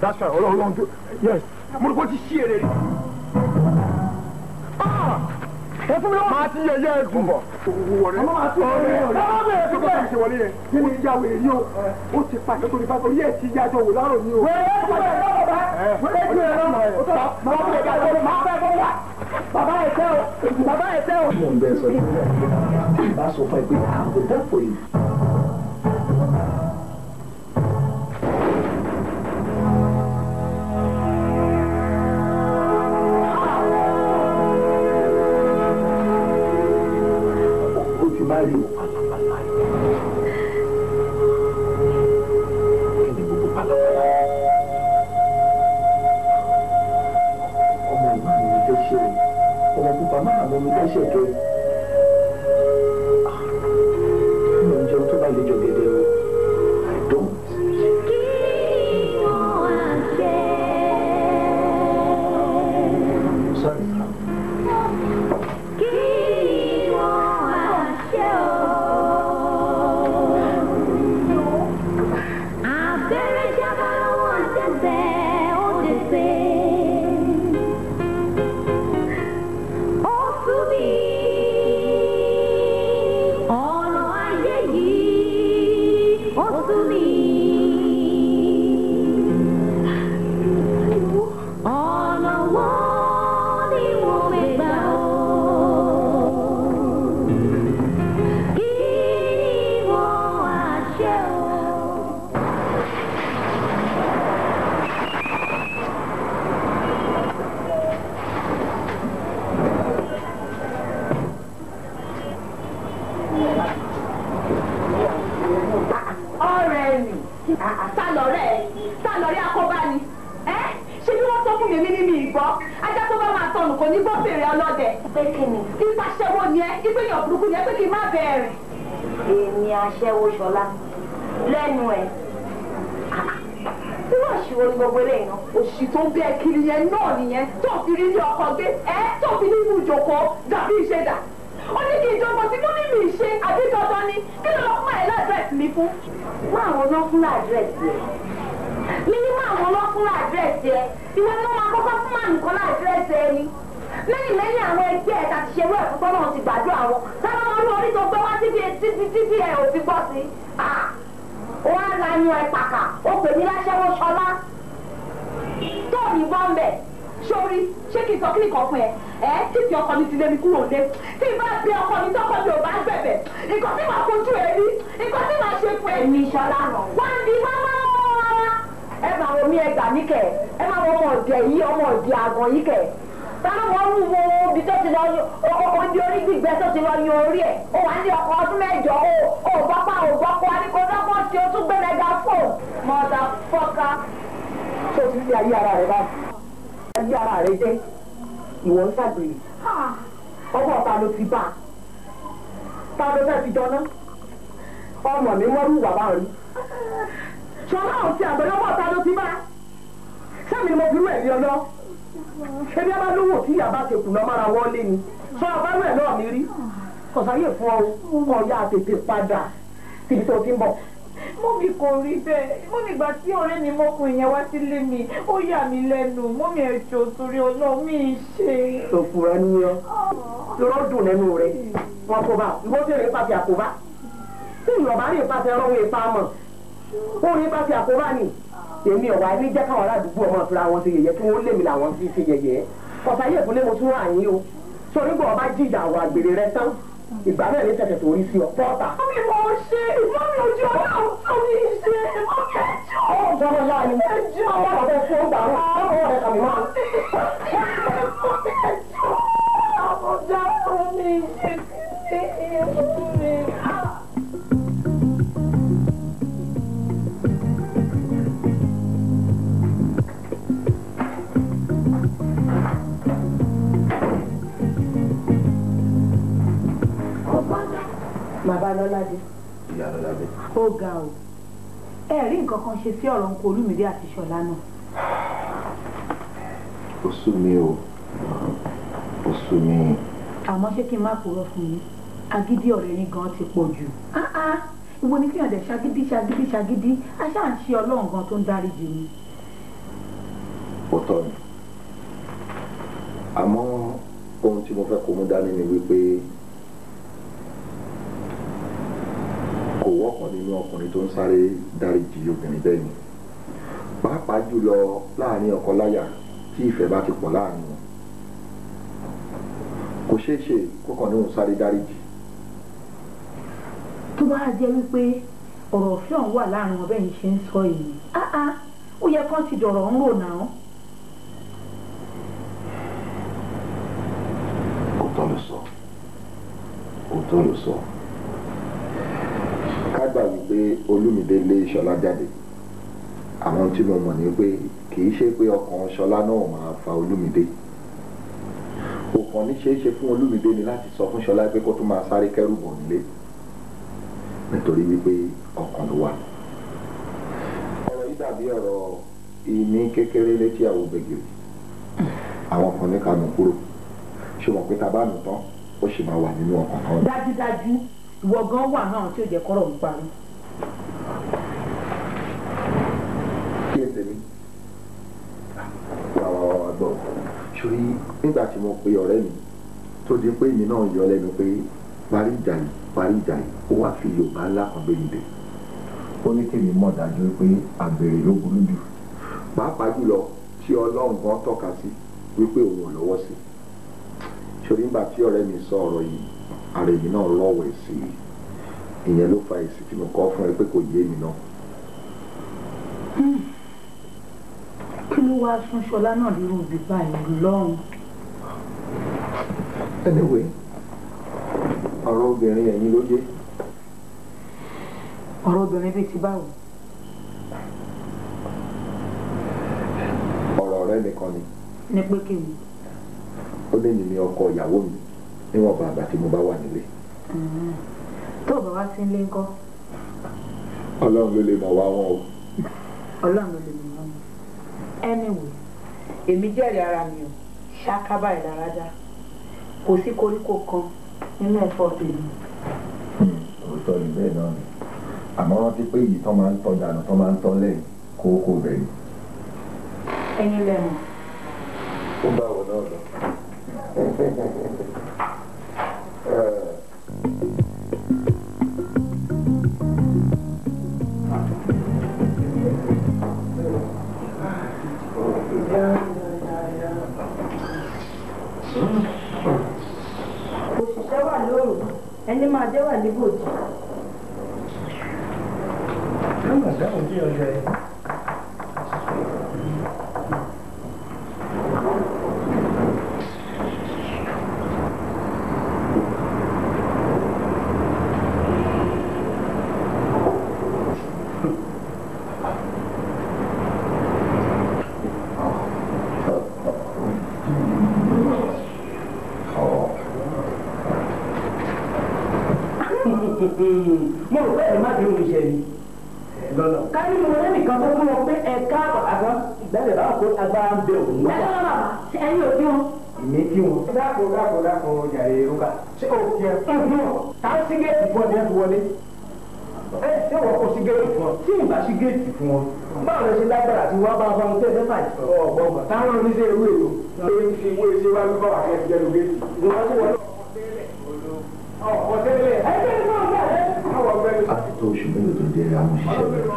that's right ọlọ́run tó yes mo ní kó ti ṣí èrè rí. ẹ fún mi lọ́wọ́. máa ti yẹyẹ ẹ dùn bọ̀. ọmọ máa tún ọ̀rẹ́ rẹ ọ̀rẹ́ ọmọ bẹ̀rẹ̀ pípẹ́. ọmọ ìṣèwọlé yẹn kí ni ìyàwó èyí o ó ti pàṣẹ tó ní bá orí ẹ̀ ti yá jọ wò láàrọ̀ ni o. wẹ́rẹ́ ju ẹ̀ lọ bàbá wẹ́rẹ́ ju ẹ̀ lọ máa bẹ̀rẹ̀ bá tọ́lú máa bẹ̀rẹ̀ bọ́ wà. bàbá ẹ̀ tẹ́ o bàbá ẹ̀ tẹ́ o. mo ń bẹ sọ igbó fèrè ọlọ́dẹ. pé kí ni. ipa aṣẹ́wó ni ẹ ipe èèyàn burúkú ni ẹ pé kí n má bẹ̀rẹ̀. èmi aṣẹ́wó ṣọlá lẹ́nu ẹ̀ bí wọ́n ṣe orí gbogbo eléyìí náà. òṣì tó ń bẹ kiri yẹn náà nìyẹn tó fi rí ilé ọkọ gbé ẹ tó fi ní ìjòkó dàbí ìṣẹ̀dá. ó ní kí ìjọba tí mo ní mi ṣe àbí ni kí ló lọ́ọ́ fún àìlá mi fún. má àwọn mi ní má àwọn náà fún àdírẹ́sì ẹ̀ ìwọ ni wọ́n máa kọ́kọ́ fún màmí kan láàdírẹ́sì ẹ̀ ni lẹ́yìn lẹ́yìn àwọn ẹgbẹ́ ẹ̀ tàbí ṣerú ẹ̀ fún tọ́nà ti gbàdúrà wọn táwọn ọmọ orí orí tó gbé wá títí títí títí ẹ̀ ò fi gbọ́ sí i wọ́n á la yan ẹ̀ pàkà ó pè ní láṣẹ́wó ṣọlá tóòní bọ́ mbẹ̀ sórí ṣé kí n sọ kí nìkan fún ẹ ẹ kí ti ọkọ mi ti lé mi kúrò lé tí n bá gbé ọkọ mi tọkọ mi ò bá gbẹ̀bẹ̀ nǹkan tí màá fojú ẹ rí nǹkan tí màá ṣe fún ẹ ní ṣọlá wá ní wá ẹ máa wo mí ẹ gbà mí kẹ ẹ máa wo ọmọ ọdẹ yìí ọmọ ọdẹ àgàn yìí kẹ. táwọn ń wo ibi tó ti lọ ọkọ̀ ibi orí tó ti lọ yan orí ó wà ní ọkọ ọdún mẹjọ ó ó gbọ́pá ó o tí tún gbẹ́lẹ̀ ga fò mọ́tà fọ́ká. tó ti di ayé ara rẹ bá ayé ara rẹ jẹ ìwọ ń ṣàgbèrè ọwọ́ ta ló ti bá ta ló fẹ́ fi jọná ọmọ mi bá rí ṣọlá ta ló ṣé bí a bá lówó tí ìyá bá ṣe kùnà mára wọlé ni sọ àbáwọ̀ ẹ̀ náà mi rí kọ̀sáyè fún ọ kọ̀ tètè padà síbi tó ti ń bọ̀. mọ́mí kò rí bẹ́ẹ̀ mọ́mí ìgbà tí ọ̀rẹ́ mi mọ́kùnrin yẹn wá sílé mi ó yà mí lẹ́nu mọ́mí ẹ̀jọ̀ torí ọlọ́run mi ṣe. òkúra ni yọ lọ́rọ́ dùn lẹ́nu rẹ̀ wọn kò bá ìwọ́n tẹ̀lé pàtẹ àkóbá tí ìyọ̀bá lè pàtẹ ọlọ́run ìpamọ́ orin bá ti àkóbá nì èmi ọ̀wá ẹni jẹ́ káwọn aládùúgbò ọmọ ìfura wọn ṣe yẹ̀yẹ́ kí wọ́n lèmi làwọn fi ṣe yẹ̀yẹ́ kọ̀tà yẹ̀ fún lémo tún àyín o sọ̀rọ̀ bọ̀ ọba jíjà àwọn àgbèrè rẹ tán ìgbà náà ní tẹ̀tẹ̀ torí sí ọ pọ́ọ̀tà. mi mọ̀ ọ́ ṣe ìmọ̀ mi ojú ọ̀la ọ̀tọ̀ mi ṣe ìmọ̀ mi ẹjọ́. ọ̀gbọ́n ọ̀la ni ẹjọ́ ọ̀rọ̀ fún ọgbà rẹ̀ ọ̀rọ̀ rẹ̀ kàmí máa. ìmọ̀ mi ẹjọ́ ọ̀rọ̀ mi ṣe kí ni. bàbá lọ́ládé. ìyá lọ́ládé. ó ga o ẹ rí nǹkan kan ṣe sí ọ̀rọ̀ nǹkan olúmídé àti ṣọlá náà. ó sú mi o ó sú mi. àmọ́ ṣé kí n má purọ́ fún yín agídí ọ̀rẹ́ yín gan ti pọ̀ jù. Ah, ah. ìwọ ni kíyàn dẹ̀ ṣagídí ṣagídí ṣagídí aṣáà ń ṣe ọlọ́run gan tó ń dáríjì mi. ó tọ́ ni àmọ́ ohun tí mo fẹ́ kó mú dání ni wípé. ọkùnrin tó ń sáré dáríjì obìnrin bẹ́ẹ̀ ni pàápàá jùlọ láàrin ọkọ láyà tí ìfẹ́ bá ti pọ̀ láàrin wọn kò ṣeé ṣe kókàn ní òun sáré dáríjì. tó bá jẹ́ wípé ọ̀rọ̀ fí ọ̀hún wà láàrin ọbẹ̀ yìí ṣe ń sọ yìí áá ó yẹ kán ti dọ̀rọ̀ ń rò náà. òótọ́ ló sọ òótọ́ ló sọ. Olúmídé lé Ṣọlá jáde àwọn tí mo mọ̀ ní pé kì í ṣe pé ọkàn Ṣọlá náà máa fa Olúmídé òkàn ní ṣeéṣe fún Olúmídé ni láti sọ fún Ṣọlá pé kó tó máa sáré kẹ́rù bọ̀ nílé nítorí wípé ọkàn ló wà ọ̀rọ̀ yìí dàbí ọ̀rọ̀ ìní kékeré létí àwọn gbẹ̀gìrì àwọn kan ní kanu kúrò ṣé wọn pé ta bá nù tán ó sì máa wà nínú ọkàn náà. dájúdájú ìwọ gan wà náà tí ò jẹ́ kọ́rọ̀ ń parí. ṣòrí nígbà tí mo pe ọ̀rẹ́ mi tó di pé èmi náà yọ lẹ́nu pé parí ìjà yìí parí ìjà yìí ó wá fi yorùbá ńlá kan gbé mi dé. ó ní kèmí mọ̀ dájú pé àgbèrè ló burú jù. pàápàá jùlọ tí ọlọ́run kan tọ́ka sí wípé òun ò lọ́wọ́ sí i ṣòrí nígbà tí ọ̀rẹ́ mi sọ ọ̀rọ̀ yìí ààrẹ yìí náà lọ́wọ́ ẹ̀ sí i ìyẹn ló fa èsì tí mo kọ́ fún ẹ pé kò yé mi náà. Hmm kí ló wá sún ṣọlá náà lérò bí báyìí lọ́rùn. anyway ọ̀rọ̀ obìnrin ẹ̀yin ló dé. ọ̀rọ̀ obìnrin bíi ti báwo. ọ̀rọ̀ rẹ nìkan ni. ní pé kí ni. ó lé mi ní ọkọ ìyàwó mi níwọ̀n bàbá tí mo bá wà nílé. Mm-hmm. tó o bá wá sí ilé ńkọ́. ọlọ́run ló lè mọ̀ wá wọn o. ọlọ́run ló lè mọ̀. anyway èmi jẹ́rìí ara mi o ṣákábà ìdáradá kò sí koríko kan nínú ẹ̀fọ́ tèmi. òótọ́ ni bẹ́ẹ̀ náà ni àmọ́ rántí pé èyí tán máa ń tọ́ dànù tán máa ń tọ́ lẹ́yìn kókó bẹ̀rẹ̀. ẹ̀yin lẹ́nu. ó bá náà òṣìṣẹ́ wà lóòrùn ẹni máa dé wà níbòjì. Yóò máa dáhùn bí ọjà yìí. ọ̀gbọ̀n táwọn oníṣègùn èrò lórí ti wọ́n èsì wá lọ́wọ́ akẹ́kẹ́ lórí ọ̀pọ̀ tẹ́lẹ̀ ẹgbẹ́ ìgbà ọ̀gbẹ́ àti tó oṣù mélòó tó jẹ́ àwọn òṣìṣẹ́ bẹ̀rẹ̀.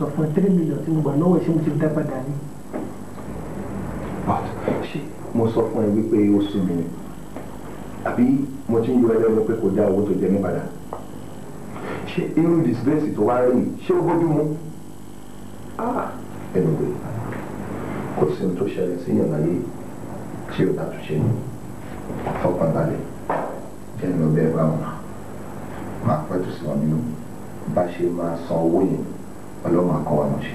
sọ fún three million tí mo gbà lọ́wọ́ ṣé mo ti dá padà ni. ṣé mo sọ fún ẹ wípé ó sùn mí ni àbí mo ti ń yọ ẹlẹ́nu pé kò dá owó tó jẹ mí padà ṣé irú disgrace tó wá rí ṣé ó bójú mu ẹnu ah, gbé kò sí ohun tó ṣẹlẹ̀ sí ìyànlá yìí tí ó dájú ṣe ní fọkànbalẹ̀ jẹ́ ní ọbẹ̀ bá wọn máa pẹ́tù sí wọn nínú bá ṣe máa san owó yẹn ọlọ́mọ akọ́wà ló ṣe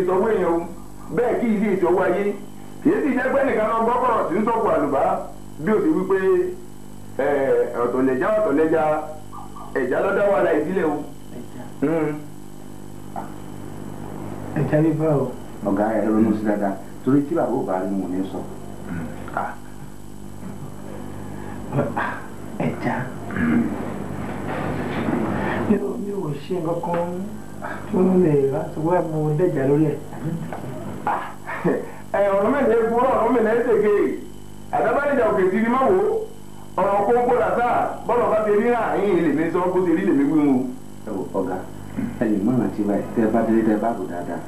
ìsọ fún èèyàn o bẹ́ẹ̀ kí ìdí ìṣòwò ayé kìí sì jẹ́ pé nìkan náà gbọ́kọ̀rọ̀ tí ń sọ̀kò àlùbá bí o ti wí pé ọ̀tọ̀lẹ́já lọ́dọ̀ wà láì sílẹ̀ o. ẹ̀já ọ̀gá wá mo dẹ́jà lórí ẹ̀. ẹ ọ̀rọ̀ mẹ́lẹ̀ epo ọ̀rọ̀ mẹ́lẹ̀ ẹ̀ṣẹ̀gẹ̀ àdábàdìjà òkè tí ni má wò ó ọ̀rọ̀ kó ń kó làtà bọ́lọ̀ bá ti rí rà ẹ̀yìn ilé mi sọ bó ti rí ilé mi wíwò. ọ̀gá ẹ lè mọ̀ràn tí báyìí tẹ́ bá délé tẹ́ bá kò dáadáa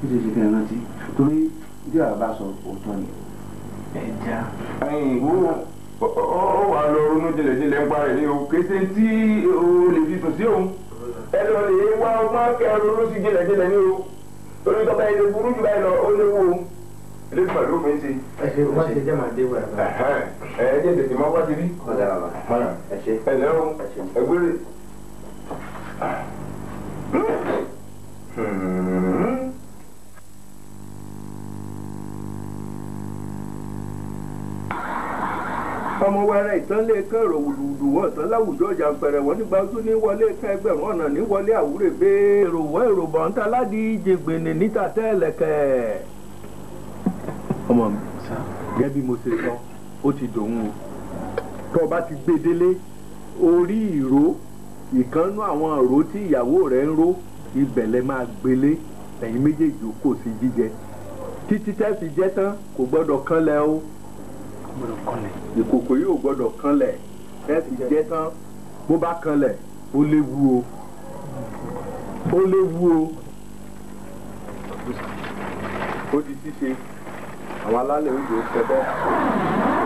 nítorí ṣe kẹ́ ẹ rántí torí bí àwa bá sọ òótọ́ ni. ẹja. ẹyin ìwúwo ó wà lọ ronú jinlẹ̀ jinlẹ̀ ń parẹ́ ní o kése tí o lè fi sùn sí òun ẹ lọ lè wá ọgbọ́n kẹrin ló sì jìnà jìnà ní o torí tọ́ba ẹni burú jù báyìí lọ ó léwu o ilé tí màlúù mi ń ṣe. ẹ ṣe wá ṣe jẹ́ màá dé wẹ̀. ẹ jẹ́ tètè máa wá ti rí. ọ̀dà bàbá ẹ ṣe. ẹ lẹ́rù ẹ gbére. Hmm ọmọ wẹrẹ ìtàn lè kán èrò wùdùwùdù wọ ìtàn láwùjọ ọjà pẹrẹ wọn nígbà tó ní wọlé ká ẹgbẹ̀rún ọ̀nà ní wọlé àwúrè pé èrò wọ èrò bọ̀ ń ta ládi jègbène níta tẹ́lẹ̀kẹ́. ọmọ mi gẹ́gẹ́ bí mo ṣe sọ ó ti dòun o tó o bá ti gbé délé orí ìró ìkànnú àwọn ìró tí ìyàwó rẹ̀ ń ró ibẹ̀lẹ̀ máa gbélé ẹ̀yin méjèèjì kò sí jíjẹ títí tẹ́ fi jẹ́ tán kò gbọ́dọ̀ kánlẹ̀ o ìkòkò yóò gbọ́dọ̀ kanlẹ̀ tẹ́sí jẹ́ tán bó bá kanlẹ̀ ó léwu o ó léwu o ó di ṣíṣe àwọn alálẹ̀ oúnjẹ ó fẹ́ bẹ́ẹ̀.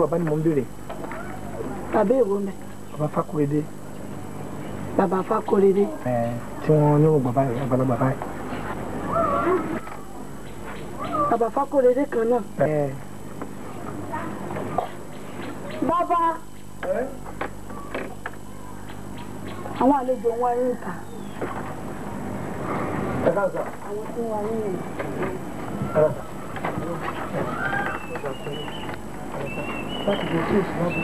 Eh, bàbá ni mò ń béèrè. bàbá èwo mẹ. bàbá Fakorede. bàbá Fakorede. ẹ tí wọn ní òun bàbá yìí àgbàlagbà báyìí. bàbá Fakorede kan náà. ẹ. Eh. bàbá. Eh? àwọn àlejò wọn rí ìta. ẹ káàsán. àwọn tí wọn rí ìta. láti jẹ tí de láti.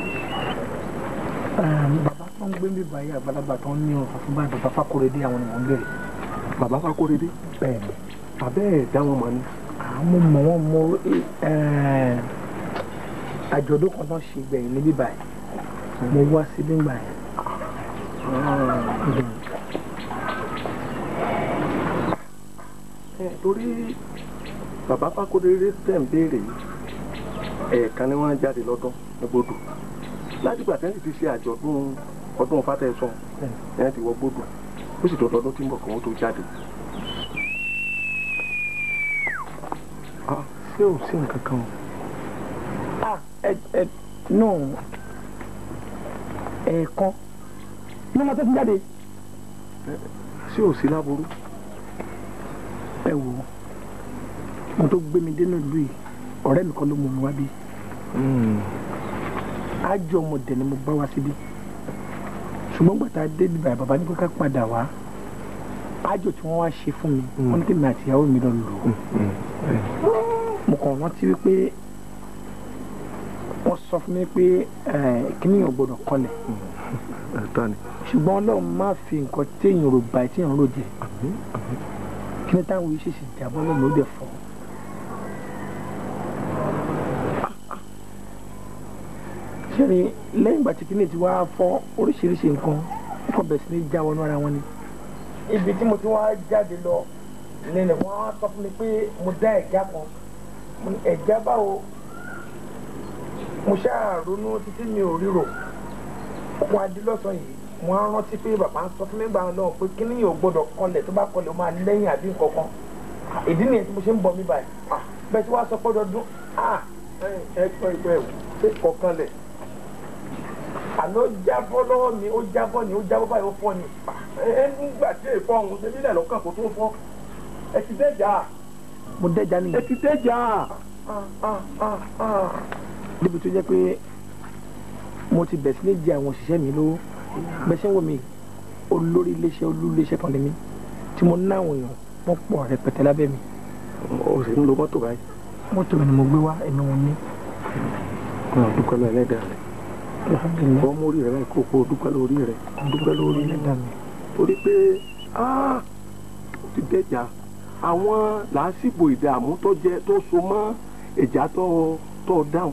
bàbá tó ń gbé mi báyìí àgbàlagbà tó ń ní ọ̀sán fún báyìí bàbá Fákóredé àwọn ni wọ́n ń bẹ̀rẹ̀. bàbá Fákóredé. bẹ́ẹ̀ni. bàbá ẹ̀ dá wọn mọ̀ ni. àwọn mọ̀ wọn mọ ehm, àjọ̀dún kan náà ṣe gbẹ̀yìn níbí báyìí mo wá síbí gbà yẹn. torí bàbá Fákóredé tẹ̀ ń béèrè yìí ẹ̀ẹ̀kan ni wọ́n jáde lọ́dún ní gbódò látìgbà tẹ́lẹ̀ ti ṣe àjọ̀dún ọdún fátẹ́sán ẹ̀yẹn ti wọ gbódò ó sì tó lọ́dún tí ń bọ̀ kí wọ́n tó jáde. ṣé ò sí nǹkan kan o. ẹ ẹ nù ẹ̀ẹ̀kan ní ọmọ tó ti jáde. ṣé ò sí láburú. ẹ wò ó mo tó gbé mi dénú ìlú yìí ọ̀rẹ́ mi kan ló mú mi wá bí ájọ hmm. ọmọdé ni mo bá wá síbí ṣùgbọ́n gbàtà débi bàbá bàbá ní kó ká padà wá ájò tí wọ́n wá ṣe fún mi hmm. wọ́n ní kí mi àti ìyàwó mi lọ lò hmm, mo kàn rántí wípé wọ́n sọ fún mi pé kíní yẹn gbọ́dọ̀ kọlẹ̀ ṣùgbọ́n ọlọ́run má fi nǹkan téèyàn rò báyìí téèyàn rò kíní táwọn yìí ṣèṣì jábọ́ lọ́nà ó dẹ̀ fọ́. ṣẹ́ni lẹ́yìn ìgbà tí kíní ti wá fọ́ oríṣiríṣi nǹkan kò bẹ̀ sí ní já wọnú ara wọn ni. ibi tí mo ti wá jáde lọ nínú wọn á sọ fún mi pé mo dá ẹ̀já kan ẹ̀já báwo mo ṣáà ronú títí mi ò ríro fún adilọ́sàn yìí wọ́n á rántí pé bàbá ń sọ fún mi gbà náà pé kíní yìí ò gbọ́dọ̀ kọlẹ̀ tó bá kọlẹ̀ ó máa lẹ́yìn àbí nǹkan ìdí nìyẹn tí mo ṣe ń bọ̀ mí báyìí bẹ́ẹ̀ tí wọ́n á sọ pé ọdọọdún ẹ ẹ pẹ́ ìpẹ́ ẹ̀ ṣé kọ̀ọ̀kan ló jábọ́ lọ́wọ́ mi ó jábọ́ ni ó jábọ́ báyìí ó fọ́ ni pa ẹ nígbà tí èèfọ́ ọ̀hún ṣe nílẹ̀ lọ́kàn kó tó fọ́ ẹ ti dẹ́jà. mo dẹ́jà ni. ẹ ti dẹ́jà. níbi tó jẹ́ pé mo ti bẹ̀ sí ní di àwọn òṣìṣẹ́ mi lówó bẹ́sẹ̀ wọ̀ mi olórí iléeṣẹ́ olúléeṣẹ́ kan lè mi tí mo ná àwọn èèyàn wọ́n pọ̀ rẹpẹtẹ lábẹ́ mi. o sì ń lo mọ́tò báyìí. mọ́tò mi ni mo gbé wá ẹ̀mí wọn ní. ọ̀dùnkọ́ lọ ẹlẹ́dàá rẹ̀ kọ́ mórí rẹ kó kó dúpẹ́ lórí rẹ dúpẹ́ lórí rẹ torí pé ah, ó ti dẹ́jà àwọn làásìgbò ìdààmú tó jẹ tó so mọ́ ìjà tó tó dáhùn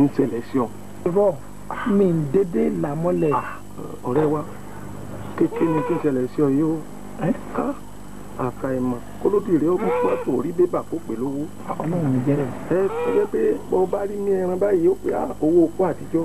ń ṣẹlẹ̀ sí ọ. irọ́ mi ń dédé làmọ́lẹ̀. Ah, ọ̀rẹ́ wa kékeré ni kí n ṣẹlẹ̀ sí ọ yìí o ká àka ìmọ̀ kólódìrí ó kúkú àtò orí bébà kó pè lówó. ọlọ́run jẹ́rẹ̀. ẹ ẹ pé o bá rí ní ẹran báyìí ó pé ah, owó okó àtijọ́.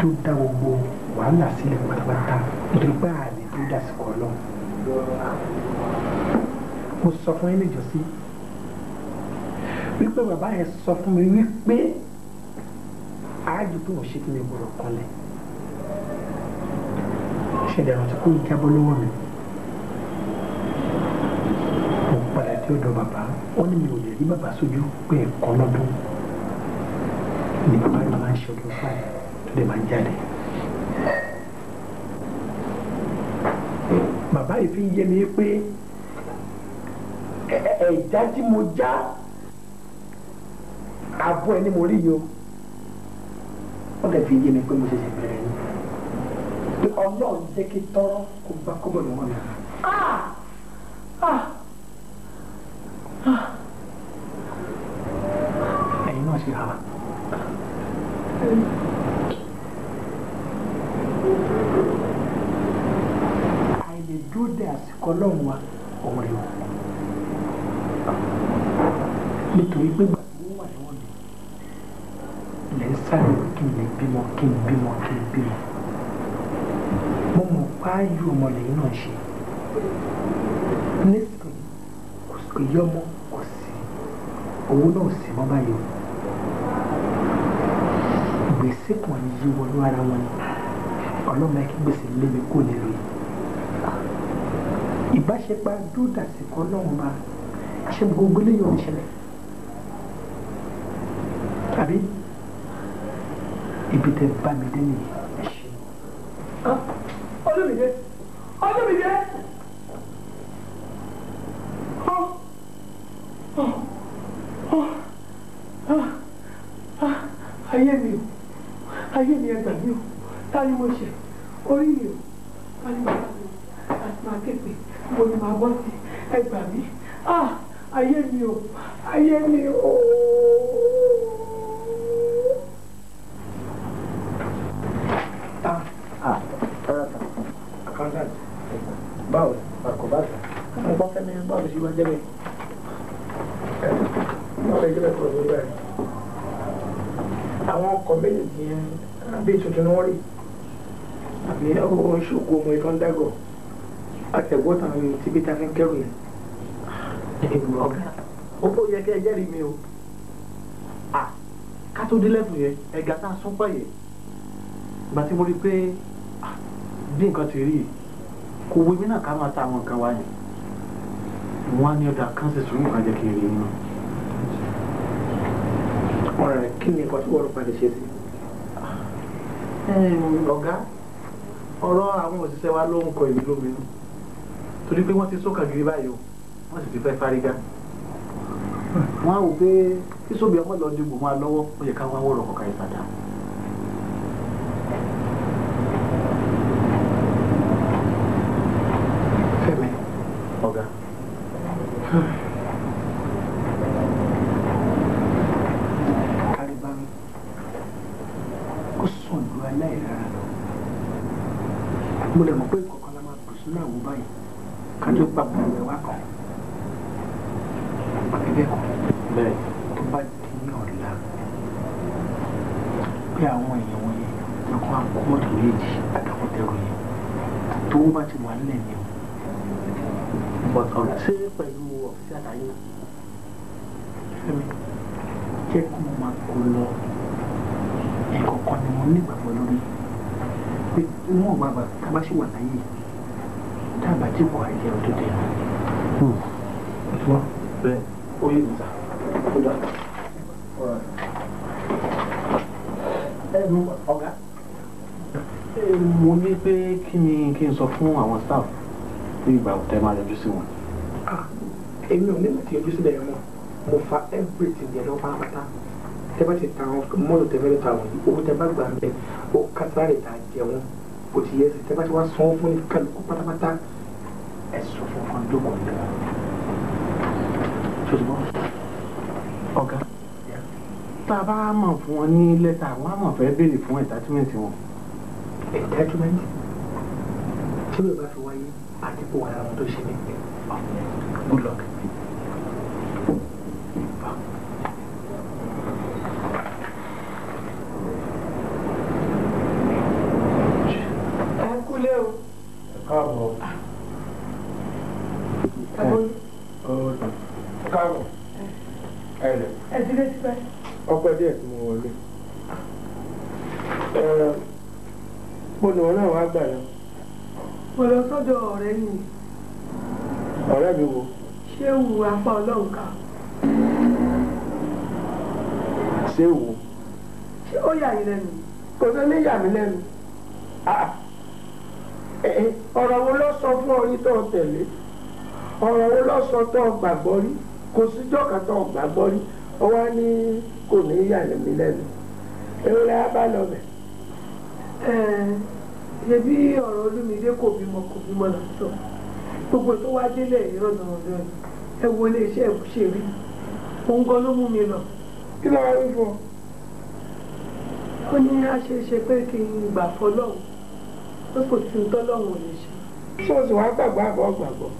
tó dá gbogbo wàhálà sílẹ̀ pátápátá nítorí pé àlè tó dásìkò ọlọ́run mo sọ fún yín níjọ sí wípé bàbá yẹn sọ fún mi wípé àájò tó ń ṣe kí mi gbọ́dọ̀ kanlẹ̀ ṣẹlẹ̀ ọ̀tún kó jábọ́ lọ́wọ́ mi mo padà dé ọ̀dọ̀ bàbá wọ́n ní mi ò lè rí bàbá sójú pé ẹ̀kan lọ́dún ni bàbá yẹn máa ń ṣe ọdún fáyà de dẹ̀ máa ń jáde. bàbá yìí fi yé mi pé ẹ̀já tí mo já abọ́ ẹ ní mo rí yìí o wọ́n lè fi yé mi pé mo ṣẹ̀ṣẹ̀ bẹ̀rẹ̀ ni pé ọlọ́run jẹ́ kí tọ́rọ́ kó bá kó bọ̀ lọ́wọ́ mi. Ah! Ah! Ah! ẹ̀yin náà ṣe rárá. tout à suis bá ṣe me il síbi tá a fi ń kẹ́rù yẹn. ọ̀gá ó yẹ kẹ́ ẹ jẹ́rìí mi o ká tó dé lẹ́bù yẹn ẹ̀gá tá a sún pẹ̀ yẹn ìgbà tí mo rí i pé bí nǹkan ti rí kò wí mí náà ká máa ta àwọn nǹkan wa yẹn wọ́n á ní ọ̀dà kan sì sùn nǹkan jẹ́ kí n rí inú. ọ̀rẹ́ kí ni nǹkan tí wọ́n rò padà ṣe sí. ọ̀gá ọ̀rọ̀ àwọn òṣìṣẹ́ wa ló ń kọ ìlú lómi náà torí pé wọ́n ti sọ́kà gírí báyìí o wọ́n sì ti fẹ́ fárígá wọ́n á wò pé kí sóbi ọmọ lọ́ọ́ dìbò máa lọ́wọ́ ó yẹ ká wá wọ̀rọ̀ kọ̀ọ̀kan ìpàdánù. fún àwọn staff ní ìgbà òtẹ́ máa yọjú sí wọn. èmi ò ní ti yọjú sílẹ̀ yẹn mọ́ mo fa everything yẹn lọ pátápátá tẹ́ bá ti ta wọn mọ́tò tẹ́ fẹ́ẹ́ ta wọn owó tẹ́ bá gbà ń bẹ ó kásá rẹ̀ tà jẹ wọn kò ti yẹ sí tẹ́ bá ti wá sanwó fún ní kálukú pátápátá ẹ̀sùn funfun jókòó ní ìlà. ọ̀gá tá a bá mọ̀ fún wọn ní lẹ́tà wọn á mọ̀ fẹ́ béèrè fún ẹ̀tàtúmẹ̀tì wọn. ẹ̀tàtúmẹ̀tì tí mi bá fi wáyé àdìpọ̀ ara wọn tó ṣe mí oh, good luck. sọ tó gbàgbọ́ rí kò síjọ́ kan tó gbàgbọ́ rí ó wá ní kò ní yà ní mi lẹ́nu èrò rẹ̀ á bá lọ bẹ̀. ṣe bí ọ̀rọ̀ olúmídé kò bímọ kò bímọ là ń sọ gbogbo tó wá délẹ̀ ìrọ̀nà ọ̀dọ́ ẹ wo ilé iṣẹ́ ìbúṣe rí òun gan ló mú mi lọ. kí ló wá wí fún ọ. ó ní a pé kí n gbà fọlọ́hún pé kò sí tọ́lọ́hún ò lè ṣe. sọ́ọ̀sì wàá gbàgbọ́ àbọ̀ gbàgbọ́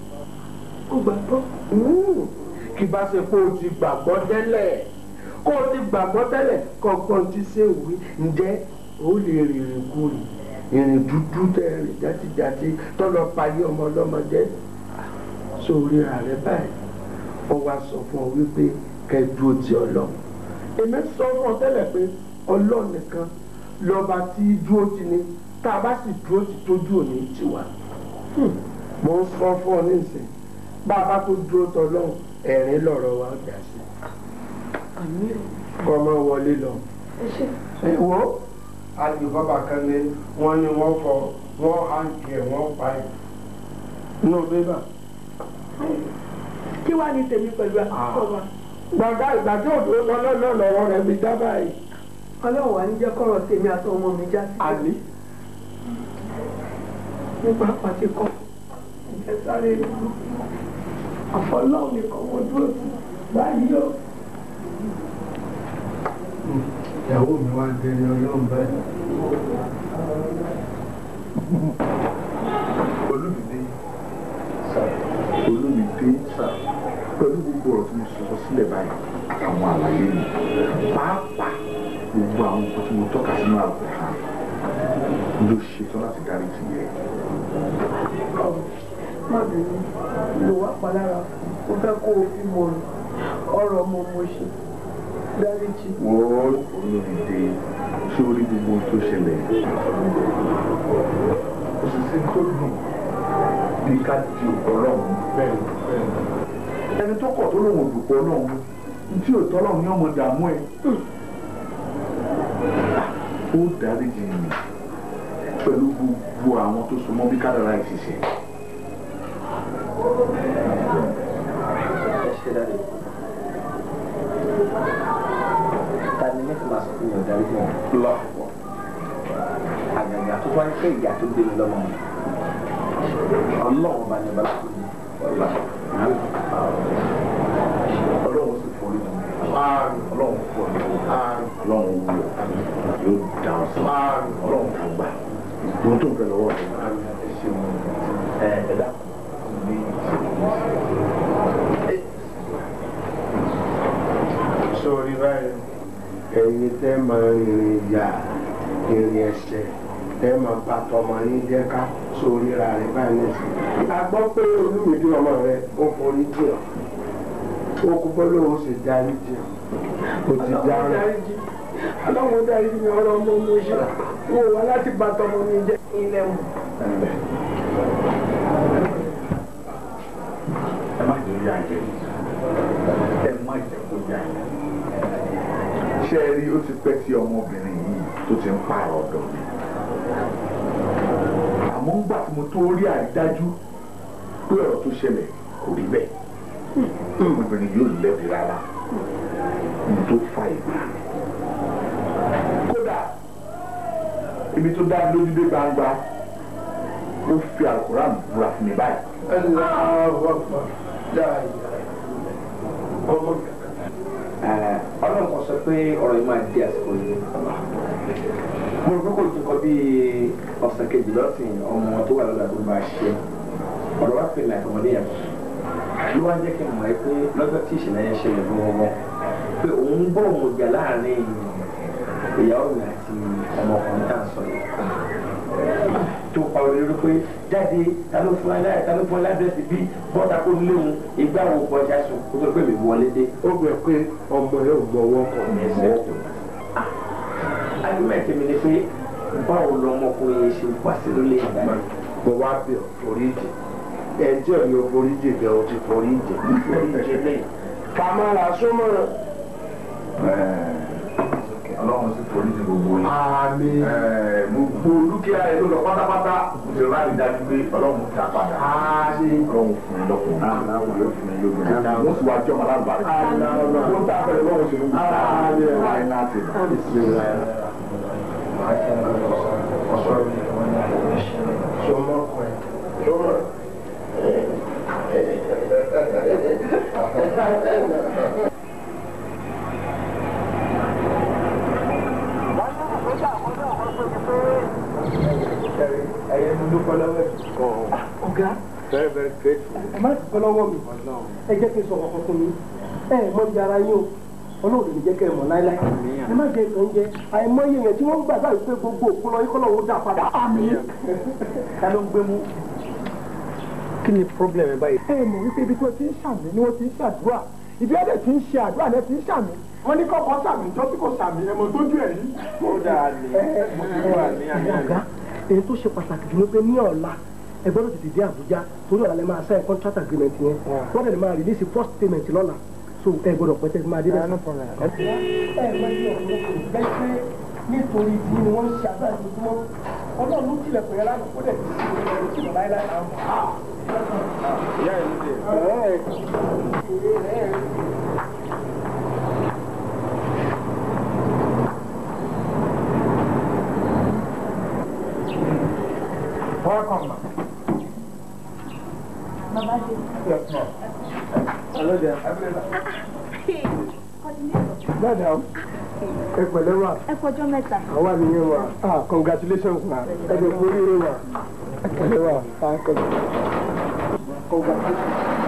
ó gbàgbọ́. kì bá ṣe kó o ti gbàgbọ́ tẹ́lẹ̀ kó o ti gbàgbọ́ tẹ́lẹ̀ kọ̀ọ̀kan ti ṣe òwe ǹjẹ́ ó lè rìnrìn kúrì ìrìn dúdú tẹ̀rìn játijáti tọ́lọ payé ọmọ ọlọ́mọdé sórí ààrẹ báyìí ó wá sọ fún ọ wípé kẹdùn òtí ọlọ́run èmi sọ fún ọ tẹ́lẹ̀ pé ọlọ́run nìkan lọ́ba tí dúró ti ni tá a bá sì dúró ti tójú òní tiwa hmm. mo ń sọ fún ọ nísìnyí bá a bá tó dúró tọ́lọ́ ẹ̀rín lọ̀rọ̀ wa ó jà sí kọ́ ọmọ wọlé lọ. wo alùbọ́bà kan ní wọ́n ní wọ́n fọ wọ́n hàǹkì ẹ̀ wọ́n pa ẹ̀. inú bébà. kí wàá ní tèmi pẹ̀lú àkókò ah. wa. gbàgbá ìgbà tí òdo lọ́lọ́lọ́ lọ́rọ́ rẹ̀ mi dá báyìí. ọlọ́run wa ń jẹ́ kọ́rọ̀ tèmi àtọmọ mi já sí. àlè. nípa pàtẹ́kọ̀ ìjẹ́sáré lọ́wọ́ àfọlọ́ọ̀ nìkan mo dúró sí báyìí o. ìyàwó mi wá délé ọlọ́run báyìí. olùmìdé sà olùmìdé sà pẹ̀lú gbogbo ọ̀rọ̀ tí mo sọ sílẹ̀ báyìí àwọn àlàyé mi pàápàá gbogbo àwọn nǹkan tí mo tọ́ka sínú àlùkò hàn ló ṣetán láti dárí jù yẹ má bínú lò wá palára ó fẹ́ kó o fi mọ̀ ọ̀rọ̀ ọmọ mo ṣe dáríjì. wọ́n olùdíje sórí gbogbo tó ṣẹlẹ̀ òṣìṣẹ́ tó dùn bí ká di ọlọ́run bẹ́ẹ̀ bẹ́ẹ̀ ẹni tó kọ̀ tó lòun ò dùpọ̀ ọlọ́run tí ò tọ́lọ́run ní ọmọ dààmú ẹ̀ ó dáríjì mi pẹ̀lú gbogbo àwọn tó so mọ́ bí kádàrá ìṣiṣẹ́ lọ àgàgà tó wáyé pé ìyá tó gbé mi lọ́mọ mi ọlọ́run bá ní bala fún mi ọlá ọlọ́run sì forí mi ọlọ́run forí mi ọlọ́run wúlò yóò dá ọ sí ọlọ́run kàgbà gbọ́dọ̀ bẹ̀rẹ̀ wọ́n ẹ ẹ dákun sórí báyìí ẹ̀yin tẹ́ máa rìnrìn ìyá ìrìn ẹ̀ṣẹ̀ tẹ́ máa bàtọ̀ máa yín jẹ́ ká sórí ra rẹ̀ báyìí nìyí. a gbọ́ pé olúmídé ọmọ rẹ̀ ó forí jì ọ́ ó kú bọ́ lóun sì darí jì ọ́ ó ti darí. ọlọ́run darí mi ọ̀rọ̀ ọmọ mo ṣe wò wá láti bàtọ̀ ọmọ mi jẹ́ ilé wọn. yà ẹ má jẹ kó yà ṣe é rí ó ti pẹ́ tí ọmọbìnrin yìí tó ti ń pààrọ̀ ọ̀dọ̀ mi àmọ́ ńgbà tí mo tó rí àrídájú pé ọ̀rọ̀ tó ṣẹlẹ̀ kò rí bẹ́ẹ̀ ọmọbìnrin yóò lẹ́bi rárá ní tó fa ìgbà kódà ibi tó dá lójú dé gbangba ó fi àkùrá búra fún mi báyìí ọlọ́run kò sọ pé ọ̀rọ̀ yìí máa di àsìkò yìí mo rò pé kò jẹ́ kọ́ bí ọ̀sẹ̀ kejì lọ́sìn ọmọ tó wà lọ́dọ̀ àdúgbò àṣẹ ọ̀rọ̀ wá pè láì ọmọdé yẹn ló wá jẹ́ kí n mọ̀ ẹ́ pé lọ́jọ́ tí ìṣẹ̀lẹ̀ yẹn ṣẹlẹ̀ gbogbo pé òun bọ̀ òun jà láàrin ìyàwó mi àti ọmọkùnrin tá à ń sọ yìí tó pa òní lórí pé jáde ta ló fún aláì ta ló fún aládẹ́sì bí bọ́ta kó léwu ìgbà wo kọjá sùn kó tó pé mi wọlé dé. ó gbẹ pé ọmọ yẹn ò mọ ọwọ́ kan ní ẹsẹ̀ tó. alimẹ̀tì ah, mi ni pé báwo lọmọkùnrin yẹn ṣe wá sí lórí ìgbà yẹn. mo wá bí ọ forí jì ẹjọ́ mi ò forí jì bẹ́ẹ̀ o ti forí jì. forí jì lẹ́yìn. kàmára súnmọ́. ẹẹ ọlọ́run sì forí ti gbogbo yìí. àmín. gbogbo dúkìá yẹn ló lọ pátápátá kùtù láti dájú pé ọlọ́run ti àpàdà. àmín. ọlọ́run fún mi lọ́kùnrin. aláwọ̀ yóò fún mi lóbi. wọ́n sì wá jọ́ ọmọ alábàárẹ̀. aláwọ̀ tó ń tàbẹ̀rẹ̀ lọ́wọ́ sí mi. àmín. wáyé náà ti rà. ọ̀gá. very very grateful. ẹ má dúpẹ́ lọ́wọ́ mi ẹ jẹ́ kí n sọ̀rọ̀ kan fún mi ẹ ẹ mọ yàrá yín o ọlọ́run lè jẹ́ kẹ́ ẹ mọ̀ láíláí ẹ má jẹ ìtàn jẹ àìmọye yẹn tí wọ́n ń gbàgbà wípé gbogbo òkúlọ yìí kọ́lọ́ òun dà padà. àmín ta ló ń gbé mú. kí ni problem ẹ báyìí. ẹ mọ̀ wípé ibi tí wọ́n ti ń ṣàmì ni wọ́n ti ń ṣàdúrà ibi ẹ̀dẹ̀ ti ń ṣe àdúrà ni ẹ ti ń ṣàmì wọ́n ní kọ́kọ́ sàmì ìjọ tí kò sàmì ẹ̀mọ́ tójú ẹ̀ yìí. ó dáa ní ọ̀gá èyí tó ṣe pàtàkì jù ló pé ní ọ̀la ẹ gbọ́dọ̀ tètè dé Àbújá torí ọ̀la lẹ máa sign contract agreement yẹn wọ́n dẹ̀ lè máa release first payment lọ́la so ẹ gbọ́dọ̀ pẹ́tẹ́ máa dé bẹ́ẹ̀ nítorí tí wọ́n ṣe àgbáyé ojúmọ́ ọlọ́run ló tilẹ̀ pẹ̀lú aláàbò kó dẹ̀ tí ìwọ̀n láéláé àwọn ìyá ẹ̀ ló dé. Welcome. Bàbá dé. Hello there. Dada o, ẹ pẹ̀lẹ́ wa. Ẹ kọjọ́ mẹ́ta. Àwa nìyẹn wa. Ah congratulations wa. Ẹ jẹ́ kó rí wa. Ẹ pẹ̀lẹ́ wa. Ah congratulations.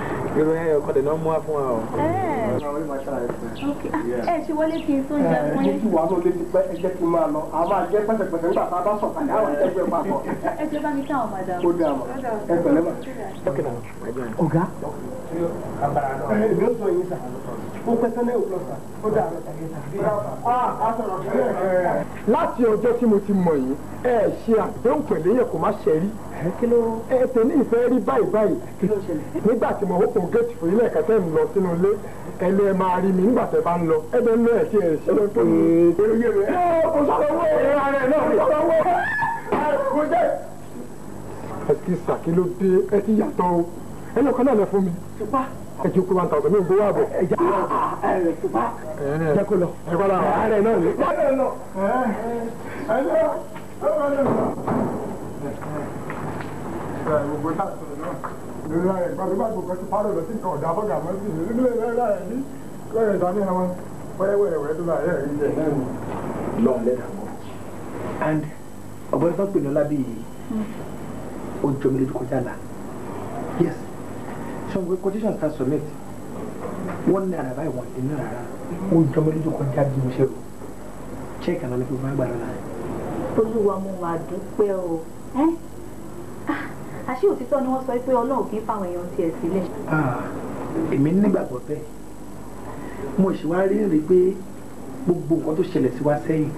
irun ẹ ọkọ dẹ̀ náà mú wá fún wa o. Ah, ẹ ṣe wọlé kí n tó jẹ fún yín. ẹ ṣe wà ló lé ti pẹ́ ẹ jẹ́ kí n máa lọ a máa jẹ́ pẹ́sẹ̀pẹ́sẹ̀ nígbà tá a bá sọ̀tà ní àwọn ẹgbẹ́ papọ̀. ẹ jẹ́ bá mi káwọn padà. ó dà mọ́ ẹ pẹ̀lẹ́ mọ́. ọ̀gá. èmi ò sọ yín sà ó pẹ́ sẹ́lẹ̀ òkú ọ̀sà ó dà mọ́. láti ọjọ́ tí mo ti mọ̀ yín ẹ ṣe àdéhùn pẹ̀lẹ́yẹ kò má ṣe rí ẹ tèmi ìfẹ́ rí báyìí báyìí nígbà tí mo hókun géètì fún ilé ẹ̀kẹ́tẹ́ ń lọ sínú ilé ẹnu ẹ máa rí mi nígbà tẹ́ bá ń lọ ẹ bẹ lọ ẹ tí ẹ ṣe lọ tó ní. kò sọ̀rọ̀ wọ́ ẹ ara ẹ náà kò sọ̀rọ̀ wọ́ ẹ kò jẹ́. ẹ ti sàkí ló dé ẹ ti yàtọ̀ o ẹ lọ kọ́ náà lẹ fún mi. ẹ jẹ́ kó wa ń ta ọ̀sán mi ò gbówó àbọ̀. ẹ jẹ́ kó lọ ẹ kọ́ lọ ara ẹ náà lè. ẹ lọ ẹ lọ ẹ lọ gbogbo táàsì náà lórí ara ẹ̀ gbàgbé gbàgbó kan ti ni. lọ lẹ́dà mọ́ mi lójú kọjá la yes ṣùgbọ́n quotation ta submit wọ́n ní àràbá ìwọ̀n dín ní rárá ó jọ mi lójú kọjá bí mo ṣe rò check àná lẹ́kọ̀ọ́ bá gbàdúrà. olúwa mo wà dúpẹ́ o ah àṣé òtítọ́ ni wọ́n sọ pé ọlọ́run kì í fáwọn èèyàn tiẹ̀ sílẹ̀. èmi nígbàgbọ́ bẹ́ẹ̀ mo sì wá rí rí pé gbogbo nǹkan tó ṣẹlẹ̀ sí wa sẹ́yìn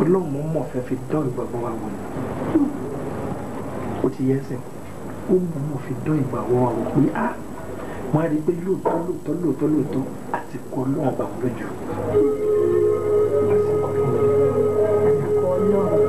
ọlọ́run mọ̀ fẹ́ fi dán ìgbàgbọ́ wa wò ni ó ti yẹ ẹsẹ̀ ó mọ̀ fi dán ìgbàgbọ́ wa wò pé a ah, wọ́n á rí i pé lóòótọ́ lóòótọ́ lóòótọ́ lóòótọ́ àsìkò ọlọ́run bá wọn lójú. àsìkò ọlọ́run. àsìkò ọlọ́run.